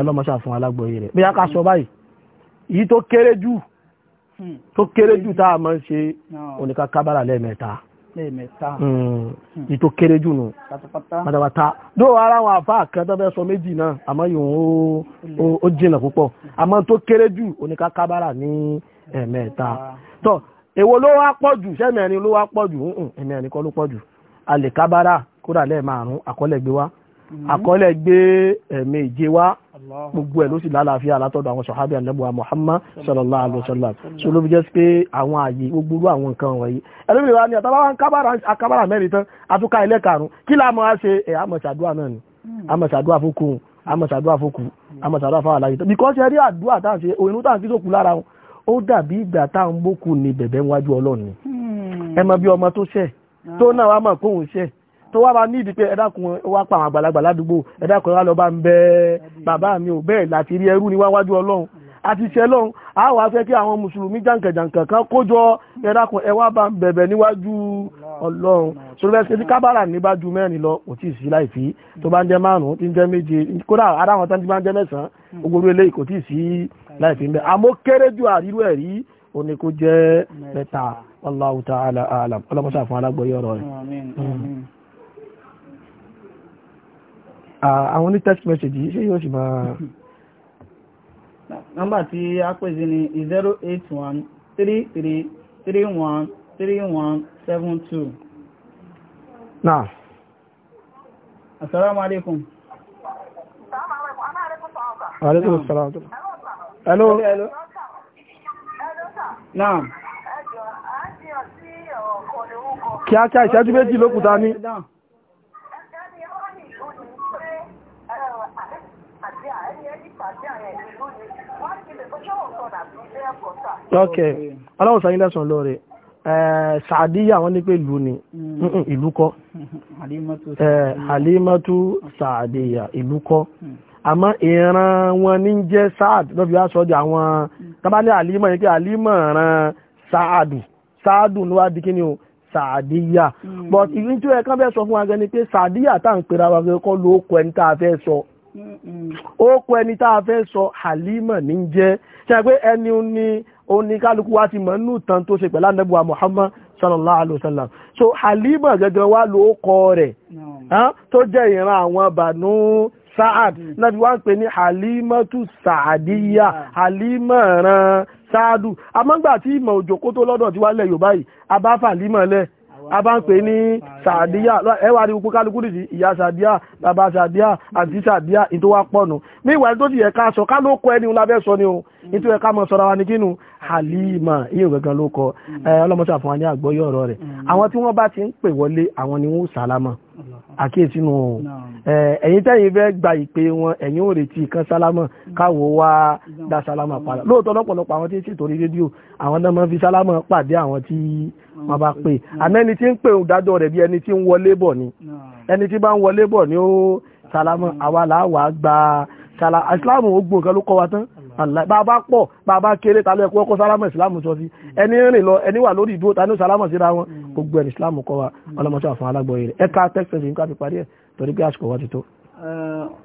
ọlọmọṣà fún alágbọ́yé rẹ̀ bí a ká sọ báyìí èyí tó kéré jù Hmm. tó kéré jù hmm. tá a máa ń ṣe oníkà ah. kábàrà lẹ́ẹ̀mẹ́ta ìtò hmm. kéré jù nù pátápátá dó ara àwọn àfá kan tó fẹ́ sọ méjì náà àmọ́ ìhun ó jìnà púpọ̀ àmọ́ tó kéré jù oníkà kábàrà ní ẹ̀mẹ́ta tó èwo ló wá pọ̀ jù sẹ́mẹ̀rin ló wá pọ̀ jù ẹ̀mẹ́rin kọ́ ló pọ̀ jù alẹ́ kábàrà kódà lẹ́ẹ̀márùn-ún àkọlẹ̀ gbé wá àkọlẹ̀ gbé ẹ̀mẹ́je wá gbogbo ẹ̀ ló sì lálàáfíà látọ̀dọ̀ àwọn sọ̀hábì àlẹ́bùwà Muhammad sallallahu alaihi wasallam so ló fi jẹ́ pé àwọn ààyè gbogbo àwọn nǹkan wọ̀nyí ẹlẹ́bìnrin wa ni àtàwọn akábàrà mẹ́rin tán atúkà ilé karùn-ún kí la máa ṣe ẹ̀ àmọ̀ṣàdúà náà ni àmọ̀ṣàdúà fókun àmọ̀ṣàdúà fókun àmọ̀ṣàdúà fáwọn aláyé tán because ẹ rí àdúrà tá à ń ṣe òyìnbó tá à ń fi sókù lára wọn ó dàbí ìgbà tá à ń bókun ni bẹ̀bẹ̀ wájú Ọlọ́run ni hmm. ẹ mọ bí ọmọ tó ṣẹ̀ tó náà wá mọ̀ kóhun tó wá bá ní ìdí pé ẹ̀dàkùn wá pa àwọn àgbàlagbà ládùúgbò ẹ̀dàkùn wá lọ bá ń bẹ bàbá mi ò bẹ́ẹ̀ láti rí ẹrú níwájú ọlọ́run àti iṣẹ́ lọ́run a wá fẹ́ kí àwọn mùsùlùmí jàǹkàjàǹkà kan kójọ ẹ̀dàkùn ẹwà bá ń bẹ̀bẹ̀ níwájú ọlọ́run sọlọ́fẹ́sì tí kábàrà ní bá ju mẹ́rin lọ kò tí ì sí láìfí tó bá ń jẹ márùn-ún tí ń jẹ méje kó Allahu ta'ala alam ọlọ́mọṣà fún alágbọ̀yé ọ̀rọ̀ àwọn ní text message yìí ṣé yóò sì máa. nọ́mbà tí a pè ni zero eight one three three three one three one seven two. náà. asalaamualeykum. Aleykum salaam. Hello. Hello. Naam. Kíákíá ìṣẹ́jú méjì lókùtà ní. okay ọlọ́run sọ wọ́n ní pé ìlú ni mm. ìlú kọ́ alimatu sàdíyà ìlú kọ́ mm. àmọ́ ìran wọn ní jẹ́ sáàd lọ́bí aṣọ́jú àwọn mm. tábálẹ̀ àlímọ̀ yìí pé àlímọ̀ ran sáàdù sáàdù ló wá di kí ni o sàdíyà but ìrìnjú ẹ̀kan fẹ́ sọ fún wa pé ń ló ẹni tá a ó kọ ẹni tá a fẹ́ sọ Halima ní jẹ́ ṣe pé ẹni ní oníkálukú wa ti mọ̀ nínú ìtàn tó ṣe pẹ̀lú anábùwà Muhammad sallallahu alaihi wasallam so Halima gẹ́gẹ́ wá ló kọ rẹ̀ ah, tó jẹ́ ìran àwọn bànú Sa'ad mm. náàbí wá ń pè ní Halimatu Sa'adiyya mm. Halima ran Sa'adu amọ́gbà tí ìmọ̀ òjòkó tó lọ́dọ̀ ti wálẹ̀ Yorùbá yìí abáfà Halima lẹ́ a bá ń pè ní sàdíyà ẹwà ní gbogbo kálukú nìsí ìyá sàdíyà bàbá sàdíyà àti sàdíyà ìtò wa pọ̀nù ní ìwà tó ti ẹ̀ka ká ló kọ ẹni lábẹ́ sọ ni o nítorí ẹ̀ka mọ̀ sọ́ra wa ní kínú Halima iye gangan ló kọ ọlọ́mọṣà fún wa ní àgbọ́yé ọ̀rọ̀ rẹ̀ àwọn tí wọ́n bá ti ń pè wọlé àwọn ni wọ́n sàlámà àkíyèsí nu ẹ̀yin tẹ́yìn fẹ́ gba ìpè wọn ẹ̀yin ò retí kan sálámà káwo wá dá sálámà padà lóòótọ́ lọ́pọ̀lọpọ̀ àwọn tí ń ṣètò rédíò àwọn náà máa ń fi sálámà pàdé àwọn tí wọ́n bá pè mm. àmẹ́ni tí ń pè ń dájọ́ rẹ̀ bí ẹni tí ń wọlé bọ̀ ni mm. ẹni tí bá ń wọlé bọ̀ ni ó salamu mm. àwa làwà gba sala islamu ó gbọ́n kan ló kọ́ wa tán bàbá pọ̀ bàbá kéré ta ló ẹ̀kọ́ ọkọ̀ salamu islamu sọ sí ẹni rìn lọ ẹni wà lórí ìdúró ta ní salamu síra wọn gbogbo ẹni islamu kọ́ wa ọlọ́mọṣọ àfọ̀n alágbọ̀n rẹ̀ ẹ̀ka texas yìí ń ká fi parí ẹ̀ torí pé àsìkò wa ti tó.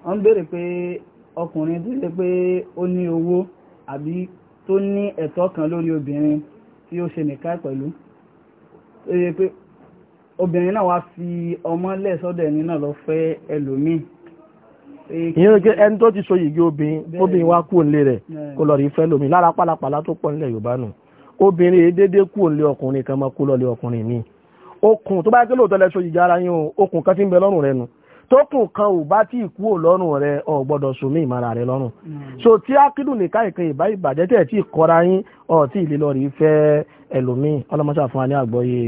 wọ́n béèrè pé ọkùnrin tó ṣe pé ó ní owó àbí tó ní ẹ̀tọ́ kan lórí obìnrin tí ó ṣe nìkan pẹ̀lú ṣe pé obìnrin náà wá fi ọmọ lẹ̀ sọ́dọ̀ ẹni náà lọ fẹ́ ẹlòmíì ìyẹn kí ẹni tó ti so yìí obìnrin obìnrin wá kú òǹlé rẹ̀ kó lọ rí fẹ́ lómi lára pálapàla tó pọ̀ nílẹ̀ Yorùbá nù obìnrin èdèdè kú òǹlé ọkùnrin kan máa kú lọ́lé ọkùnrin mi okùn tó bá yẹ kí lóòótọ́ lẹ so yìí jára yín o okùn kan ti ń bẹ lọ́rùn rẹ nu tókùn kan ò bá tí ì kú ò lọ́rùn rẹ ò gbọ́dọ̀ so mí ìmọ̀ra rẹ lọ́rùn mm. so tí akídùn nìka ìkan ìbá ìbàjẹ́ tẹ̀ tí ì kọra yín ọ̀ tí ì lè lọ rí fẹ́ ẹlòmíì ọlọ́mọṣà fún wa ní àgbọ́yé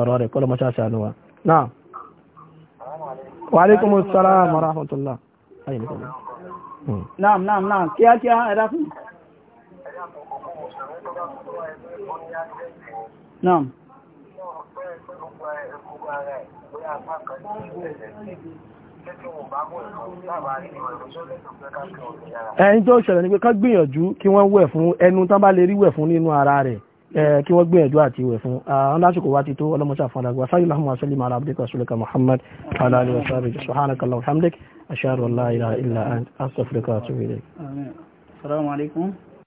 ọ̀rọ̀ rẹ̀ kọ́lọ́mọṣà ṣàánú wa náà wàhálẹ́kùn mọ́ sára mọ́ra ọ̀tọ́lá ayé nìkan náà hmm. náà náà kíákíá ẹ̀dá fún náà ẹ̀yìn tó ṣẹlẹ̀ ní pé ká gbìyànjú kí wọ́n wẹ̀ fún ẹnu tán bá lè rí wẹ̀ fún nínú ara rẹ̀ kí wọ́n gbìyànjú àti ìwẹ̀ fún àwọn lásìkò wá ti tó ọlọ́mọṣà fún alágbà sáyé láhùn àṣẹlẹ̀ màálà abdika rasulika muhammad alali wa sábẹ̀ subhanaka allahumma hamdik ashhadu an